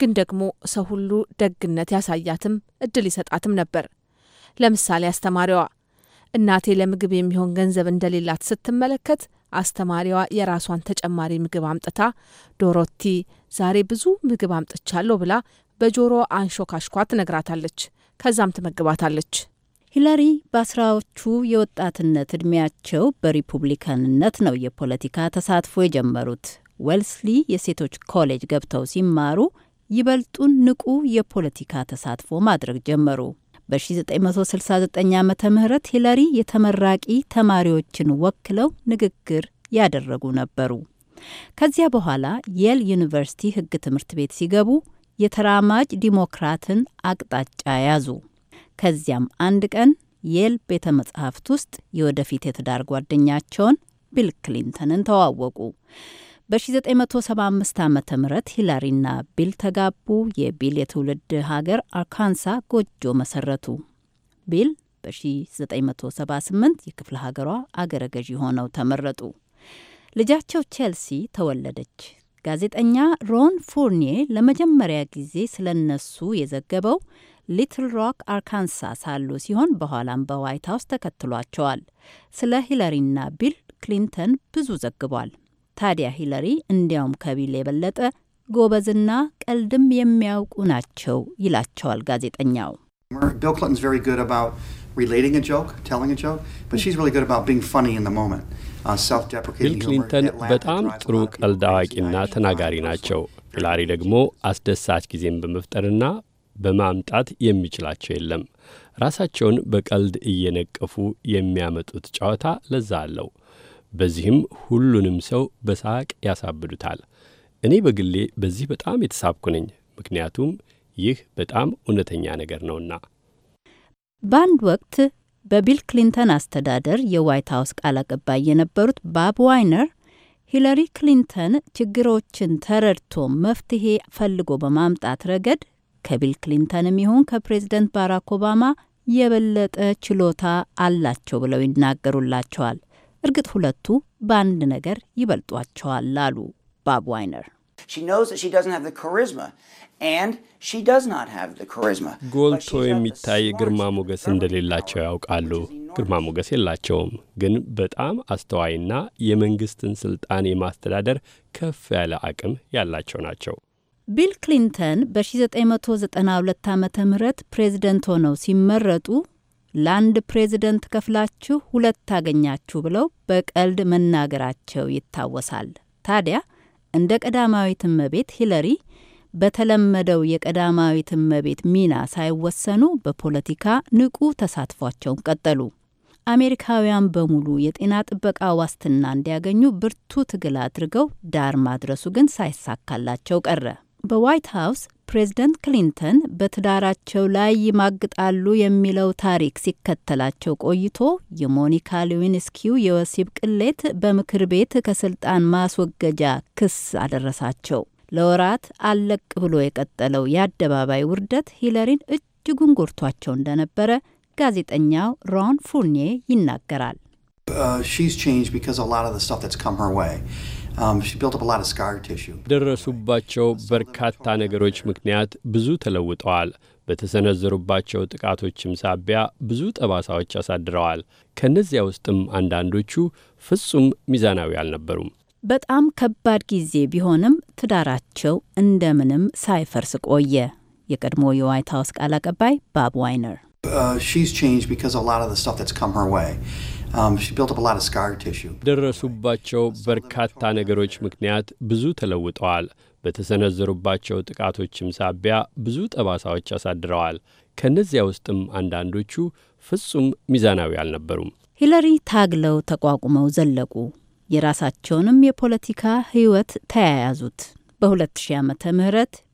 ግን ደግሞ ሰው ሁሉ ደግነት ያሳያትም እድል ይሰጣትም ነበር። ለምሳሌ አስተማሪዋ እናቴ ለምግብ የሚሆን ገንዘብ እንደሌላት ስትመለከት አስተማሪዋ የራሷን ተጨማሪ ምግብ አምጥታ ዶሮቲ ዛሬ ብዙ ምግብ አምጥቻለሁ ብላ በጆሮ አንሾካሽኳ ትነግራታለች። ከዛም ትመግባታለች። ሂላሪ በአስራዎቹ የወጣትነት ዕድሜያቸው በሪፑብሊካንነት ነው የፖለቲካ ተሳትፎ የጀመሩት። ዌልስሊ የሴቶች ኮሌጅ ገብተው ሲማሩ ይበልጡን ንቁ የፖለቲካ ተሳትፎ ማድረግ ጀመሩ። በ1969 ዓ ም ሂላሪ የተመራቂ ተማሪዎችን ወክለው ንግግር ያደረጉ ነበሩ። ከዚያ በኋላ የል ዩኒቨርሲቲ ሕግ ትምህርት ቤት ሲገቡ የተራማጅ ዲሞክራትን አቅጣጫ ያዙ። ከዚያም አንድ ቀን የል ቤተ መጽሕፍት ውስጥ የወደፊት የትዳር ጓደኛቸውን ቢል ክሊንተንን ተዋወቁ። በ1975 ዓ ም ሂላሪና ቢል ተጋቡ። የቢል የትውልድ ሀገር አርካንሳ ጎጆ መሰረቱ። ቢል በ1978 የክፍለ ሀገሯ አገረ ገዢ ሆነው ተመረጡ። ልጃቸው ቼልሲ ተወለደች። ጋዜጠኛ ሮን ፉርኔ ለመጀመሪያ ጊዜ ስለነሱ የዘገበው ሊትል ሮክ አርካንሳ ሳሉ ሲሆን በኋላም በዋይት ሀውስ ተከትሏቸዋል። ስለ ሂለሪና ቢል ክሊንተን ብዙ ዘግቧል። ታዲያ ሂለሪ እንዲያውም ከቢል የበለጠ ጎበዝና ቀልድም የሚያውቁ ናቸው ይላቸዋል ጋዜጠኛው። ቢል ክሊንተን ቢል ክሊንተን በጣም ጥሩ ቀልድ አዋቂና ተናጋሪ ናቸው። ሂላሪ ደግሞ አስደሳች ጊዜን በመፍጠርና በማምጣት የሚችላቸው የለም። ራሳቸውን በቀልድ እየነቀፉ የሚያመጡት ጨዋታ ለዛ አለው። በዚህም ሁሉንም ሰው በሳቅ ያሳብዱታል። እኔ በግሌ በዚህ በጣም የተሳብኩ ነኝ፣ ምክንያቱም ይህ በጣም እውነተኛ ነገር ነውና። በአንድ ወቅት በቢል ክሊንተን አስተዳደር የዋይት ሀውስ ቃል አቀባይ የነበሩት ባብ ዋይነር ሂለሪ ክሊንተን ችግሮችን ተረድቶ መፍትሄ ፈልጎ በማምጣት ረገድ ከቢል ክሊንተንም ይሁን ከፕሬዝደንት ባራክ ኦባማ የበለጠ ችሎታ አላቸው ብለው ይናገሩላቸዋል። እርግጥ ሁለቱ በአንድ ነገር ይበልጧቸዋል አሉ ባብ ዋይነር። She knows that ጎልቶ የሚታይ ግርማ ሞገስ እንደሌላቸው ያውቃሉ። ግርማ ሞገስ የላቸውም፣ ግን በጣም አስተዋይና የመንግስትን ስልጣን የማስተዳደር ከፍ ያለ አቅም ያላቸው ናቸው። ቢል ክሊንተን በ1992 ዓ ም ፕሬዝደንት ሆነው ሲመረጡ ለአንድ ፕሬዝደንት ከፍላችሁ ሁለት ታገኛችሁ ብለው በቀልድ መናገራቸው ይታወሳል። ታዲያ እንደ ቀዳማዊት እመቤት ሂለሪ በተለመደው የቀዳማዊት እመቤት ሚና ሳይወሰኑ በፖለቲካ ንቁ ተሳትፏቸውን ቀጠሉ። አሜሪካውያን በሙሉ የጤና ጥበቃ ዋስትና እንዲያገኙ ብርቱ ትግል አድርገው ዳር ማድረሱ ግን ሳይሳካላቸው ቀረ። በዋይት ሀውስ ፕሬዝደንት ክሊንተን በትዳራቸው ላይ ይማግጣሉ የሚለው ታሪክ ሲከተላቸው ቆይቶ የሞኒካ ሊዊንስኪው የወሲብ ቅሌት በምክር ቤት ከስልጣን ማስወገጃ ክስ አደረሳቸው። ለወራት አለቅ ብሎ የቀጠለው የአደባባይ ውርደት ሂለሪን እጅጉን ጎርቷቸው እንደነበረ ጋዜጠኛው ሮን ፉርኔ ይናገራል። uh, Um, ደረሱባቸው በርካታ ነገሮች ምክንያት ብዙ ተለውጠዋል። በተሰነዘሩባቸው ጥቃቶችም ሳቢያ ብዙ ጠባሳዎች አሳድረዋል። ከእነዚያ ውስጥም አንዳንዶቹ ፍጹም ሚዛናዊ አልነበሩም። በጣም ከባድ ጊዜ ቢሆንም ትዳራቸው እንደምንም ሳይፈርስ ቆየ። የቀድሞ የዋይት ሀውስ ቃል አቀባይ ባብ ዋይነር uh, Um, ደረሱባቸው በርካታ ነገሮች ምክንያት ብዙ ተለውጠዋል። በተሰነዘሩባቸው ጥቃቶችም ሳቢያ ብዙ ጠባሳዎች አሳድረዋል። ከእነዚያ ውስጥም አንዳንዶቹ ፍጹም ሚዛናዊ አልነበሩም። ሂለሪ ታግለው ተቋቁመው ዘለቁ። የራሳቸውንም የፖለቲካ ሕይወት ተያያዙት። በ2000 ዓ ም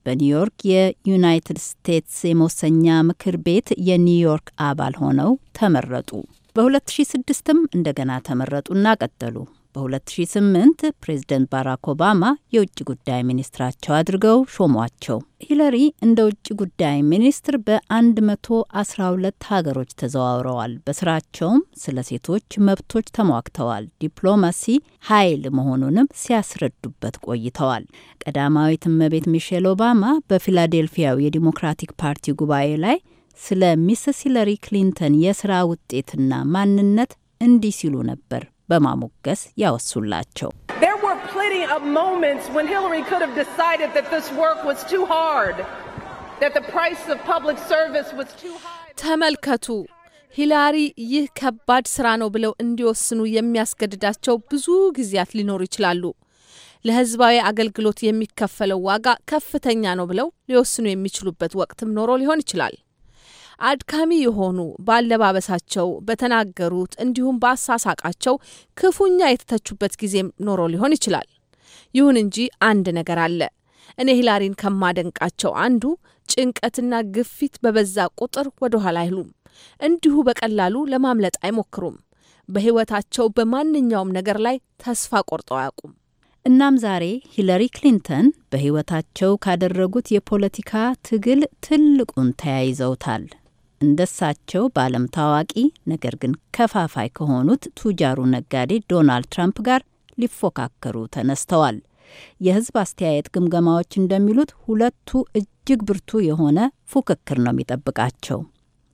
በኒውዮርክ የዩናይትድ ስቴትስ የመወሰኛ ምክር ቤት የኒውዮርክ አባል ሆነው ተመረጡ። በ2006ም እንደገና ተመረጡና ቀጠሉ። በ2008 ፕሬዝደንት ባራክ ኦባማ የውጭ ጉዳይ ሚኒስትራቸው አድርገው ሾሟቸው። ሂለሪ እንደ ውጭ ጉዳይ ሚኒስትር በ112 ሀገሮች ተዘዋውረዋል። በስራቸውም ስለ ሴቶች መብቶች ተሟግተዋል። ዲፕሎማሲ ኃይል መሆኑንም ሲያስረዱበት ቆይተዋል። ቀዳማዊት እመቤት ሚሼል ኦባማ በፊላዴልፊያው የዲሞክራቲክ ፓርቲ ጉባኤ ላይ ስለ ሚስስ ሂለሪ ክሊንተን የስራ ውጤትና ማንነት እንዲህ ሲሉ ነበር በማሞገስ ያወሱላቸው። ተመልከቱ፣ ሂላሪ ይህ ከባድ ስራ ነው ብለው እንዲወስኑ የሚያስገድዳቸው ብዙ ጊዜያት ሊኖሩ ይችላሉ። ለህዝባዊ አገልግሎት የሚከፈለው ዋጋ ከፍተኛ ነው ብለው ሊወስኑ የሚችሉበት ወቅትም ኖሮ ሊሆን ይችላል። አድካሚ የሆኑ ባለባበሳቸው፣ በተናገሩት እንዲሁም በአሳሳቃቸው ክፉኛ የተተቹበት ጊዜም ኖሮ ሊሆን ይችላል። ይሁን እንጂ አንድ ነገር አለ። እኔ ሂላሪን ከማደንቃቸው አንዱ ጭንቀትና ግፊት በበዛ ቁጥር ወደ ኋላ አይሉም። እንዲሁ በቀላሉ ለማምለጥ አይሞክሩም። በሕይወታቸው በማንኛውም ነገር ላይ ተስፋ ቆርጠው አያውቁም። እናም ዛሬ ሂለሪ ክሊንተን በሕይወታቸው ካደረጉት የፖለቲካ ትግል ትልቁን ተያይዘውታል። እንደሳቸው በዓለም ታዋቂ ነገር ግን ከፋፋይ ከሆኑት ቱጃሩ ነጋዴ ዶናልድ ትራምፕ ጋር ሊፎካከሩ ተነስተዋል። የህዝብ አስተያየት ግምገማዎች እንደሚሉት ሁለቱ እጅግ ብርቱ የሆነ ፉክክር ነው የሚጠብቃቸው።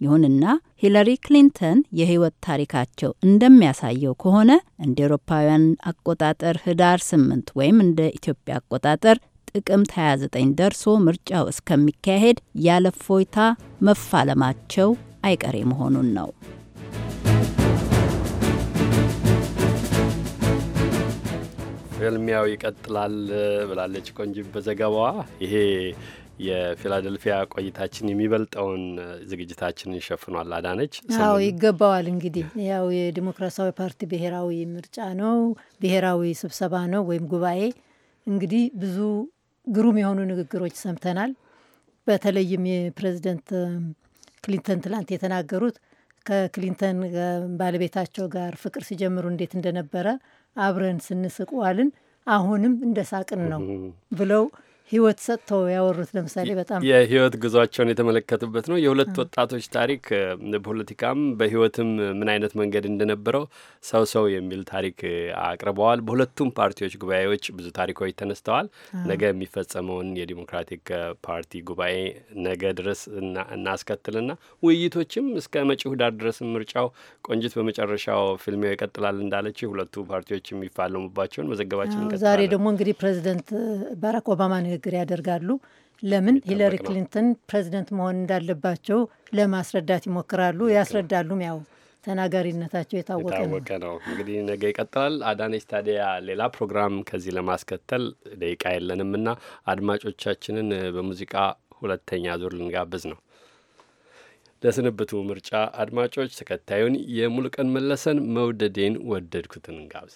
ይሁንና ሂለሪ ክሊንተን የህይወት ታሪካቸው እንደሚያሳየው ከሆነ እንደ አውሮፓውያን አቆጣጠር ህዳር ስምንት ወይም እንደ ኢትዮጵያ አቆጣጠር ጥቅምት 29 ደርሶ ምርጫው እስከሚካሄድ ያለ ፎይታ መፋለማቸው አይቀሬ መሆኑን ነው። ፍልሚያው ይቀጥላል ብላለች ቆንጂ በዘገባዋ። ይሄ የፊላደልፊያ ቆይታችን የሚበልጠውን ዝግጅታችንን ይሸፍኗል አዳነች አዎ ይገባዋል። እንግዲህ ያው የዲሞክራሲያዊ ፓርቲ ብሔራዊ ምርጫ ነው፣ ብሔራዊ ስብሰባ ነው ወይም ጉባኤ። እንግዲህ ብዙ ግሩም የሆኑ ንግግሮች ሰምተናል። በተለይም የፕሬዚደንት ክሊንተን ትላንት የተናገሩት ከክሊንተን ባለቤታቸው ጋር ፍቅር ሲጀምሩ እንዴት እንደነበረ አብረን ስንስቅ ዋልን፣ አሁንም እንደ ሳቅን ነው ብለው ህይወት ሰጥተው ያወሩት ለምሳሌ በጣም የህይወት ጉዟቸውን የተመለከቱበት ነው። የሁለት ወጣቶች ታሪክ በፖለቲካም በህይወትም ምን አይነት መንገድ እንደነበረው ሰው ሰው የሚል ታሪክ አቅርበዋል። በሁለቱም ፓርቲዎች ጉባኤዎች ብዙ ታሪኮች ተነስተዋል። ነገ የሚፈጸመውን የዲሞክራቲክ ፓርቲ ጉባኤ ነገ ድረስ እናስከትልና ውይይቶችም እስከ መጪው ዳር ድረስ ምርጫው ቆንጅት በመጨረሻው ፊልሜው ይቀጥላል እንዳለች ሁለቱ ፓርቲዎች የሚፋለሙባቸውን መዘገባችን ዛሬ ደግሞ እንግዲህ ፕሬዚደንት ባራክ ኦባማ ነው ንግግር ያደርጋሉ። ለምን ሂለሪ ክሊንተን ፕሬዚደንት መሆን እንዳለባቸው ለማስረዳት ይሞክራሉ፣ ያስረዳሉም ያው ተናጋሪነታቸው የታወቀ ነው። እንግዲህ ነገ ይቀጥላል። አዳነች ታዲያ ሌላ ፕሮግራም ከዚህ ለማስከተል ደቂቃ የለንም እና አድማጮቻችንን በሙዚቃ ሁለተኛ ዙር ልንጋብዝ ነው። ለስንብቱ ምርጫ አድማጮች ተከታዩን የሙሉቀን መለሰን መውደዴን ወደድኩትን እንጋብዝ።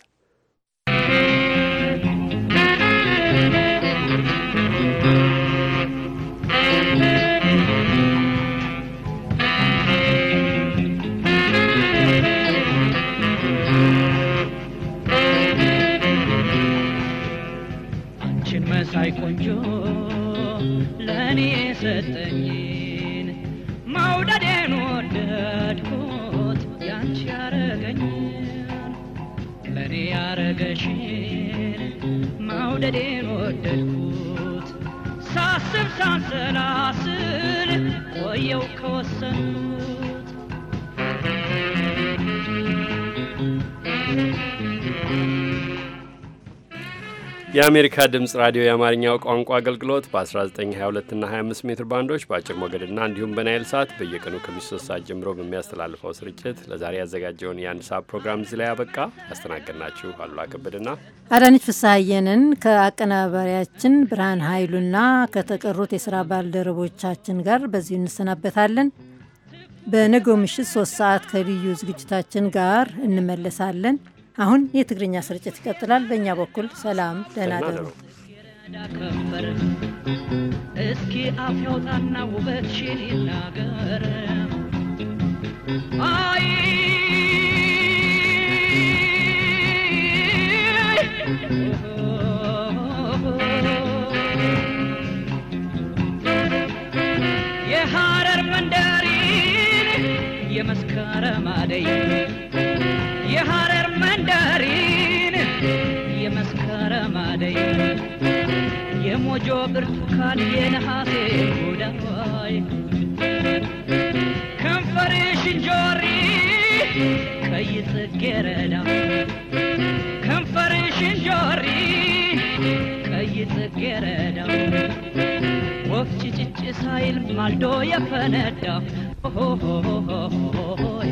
ላይ ቆንጆ ለእኔ የሰጠኝን መውደዴን ወደድኩት ያንቺ ያረገኝን ለእኔ ያረገሽን መውደዴን ወደድኩት ሳስብ ሳንሰላስል ቆየው you. የአሜሪካ ድምፅ ራዲዮ የአማርኛው ቋንቋ አገልግሎት በ1922 እና 25 ሜትር ባንዶች በአጭር ሞገድና እንዲሁም በናይል ሰዓት በየቀኑ ከምሽቱ 3 ሰዓት ጀምሮ በሚያስተላልፈው ስርጭት ለዛሬ ያዘጋጀውን የአንድ ሰዓት ፕሮግራም እዚህ ላይ ያበቃ። ያስተናገድናችሁ አሉላ ከበድና አዳነች ፍስሐየንን ከአቀናባሪያችን ብርሃን ኃይሉና ከተቀሩት የስራ ባልደረቦቻችን ጋር በዚሁ እንሰናበታለን። በነገው ምሽት ሶስት ሰዓት ከልዩ ዝግጅታችን ጋር እንመለሳለን። አሁን የትግርኛ ስርጭት ይቀጥላል። በእኛ በኩል ሰላም፣ ደህና ደሩ። እስኪ አፍ ያውጣና ውበትሽን ይናገር። አይ የሐረር መንደሪን የመስከረም አደይ መንደሪን የመስከረም አደይ የሞጆ ብርቱካን የነሐሴ ጎዳዋይ ከንፈርሽ ሽንጆሪ ቀይ ጽጌረዳ ሽንጆሪ እንጆሪ ቀይ ጽጌረዳ ወፍ ጭጭጭ ሳይል ማልዶ የፈነዳ ሆሆሆሆሆይ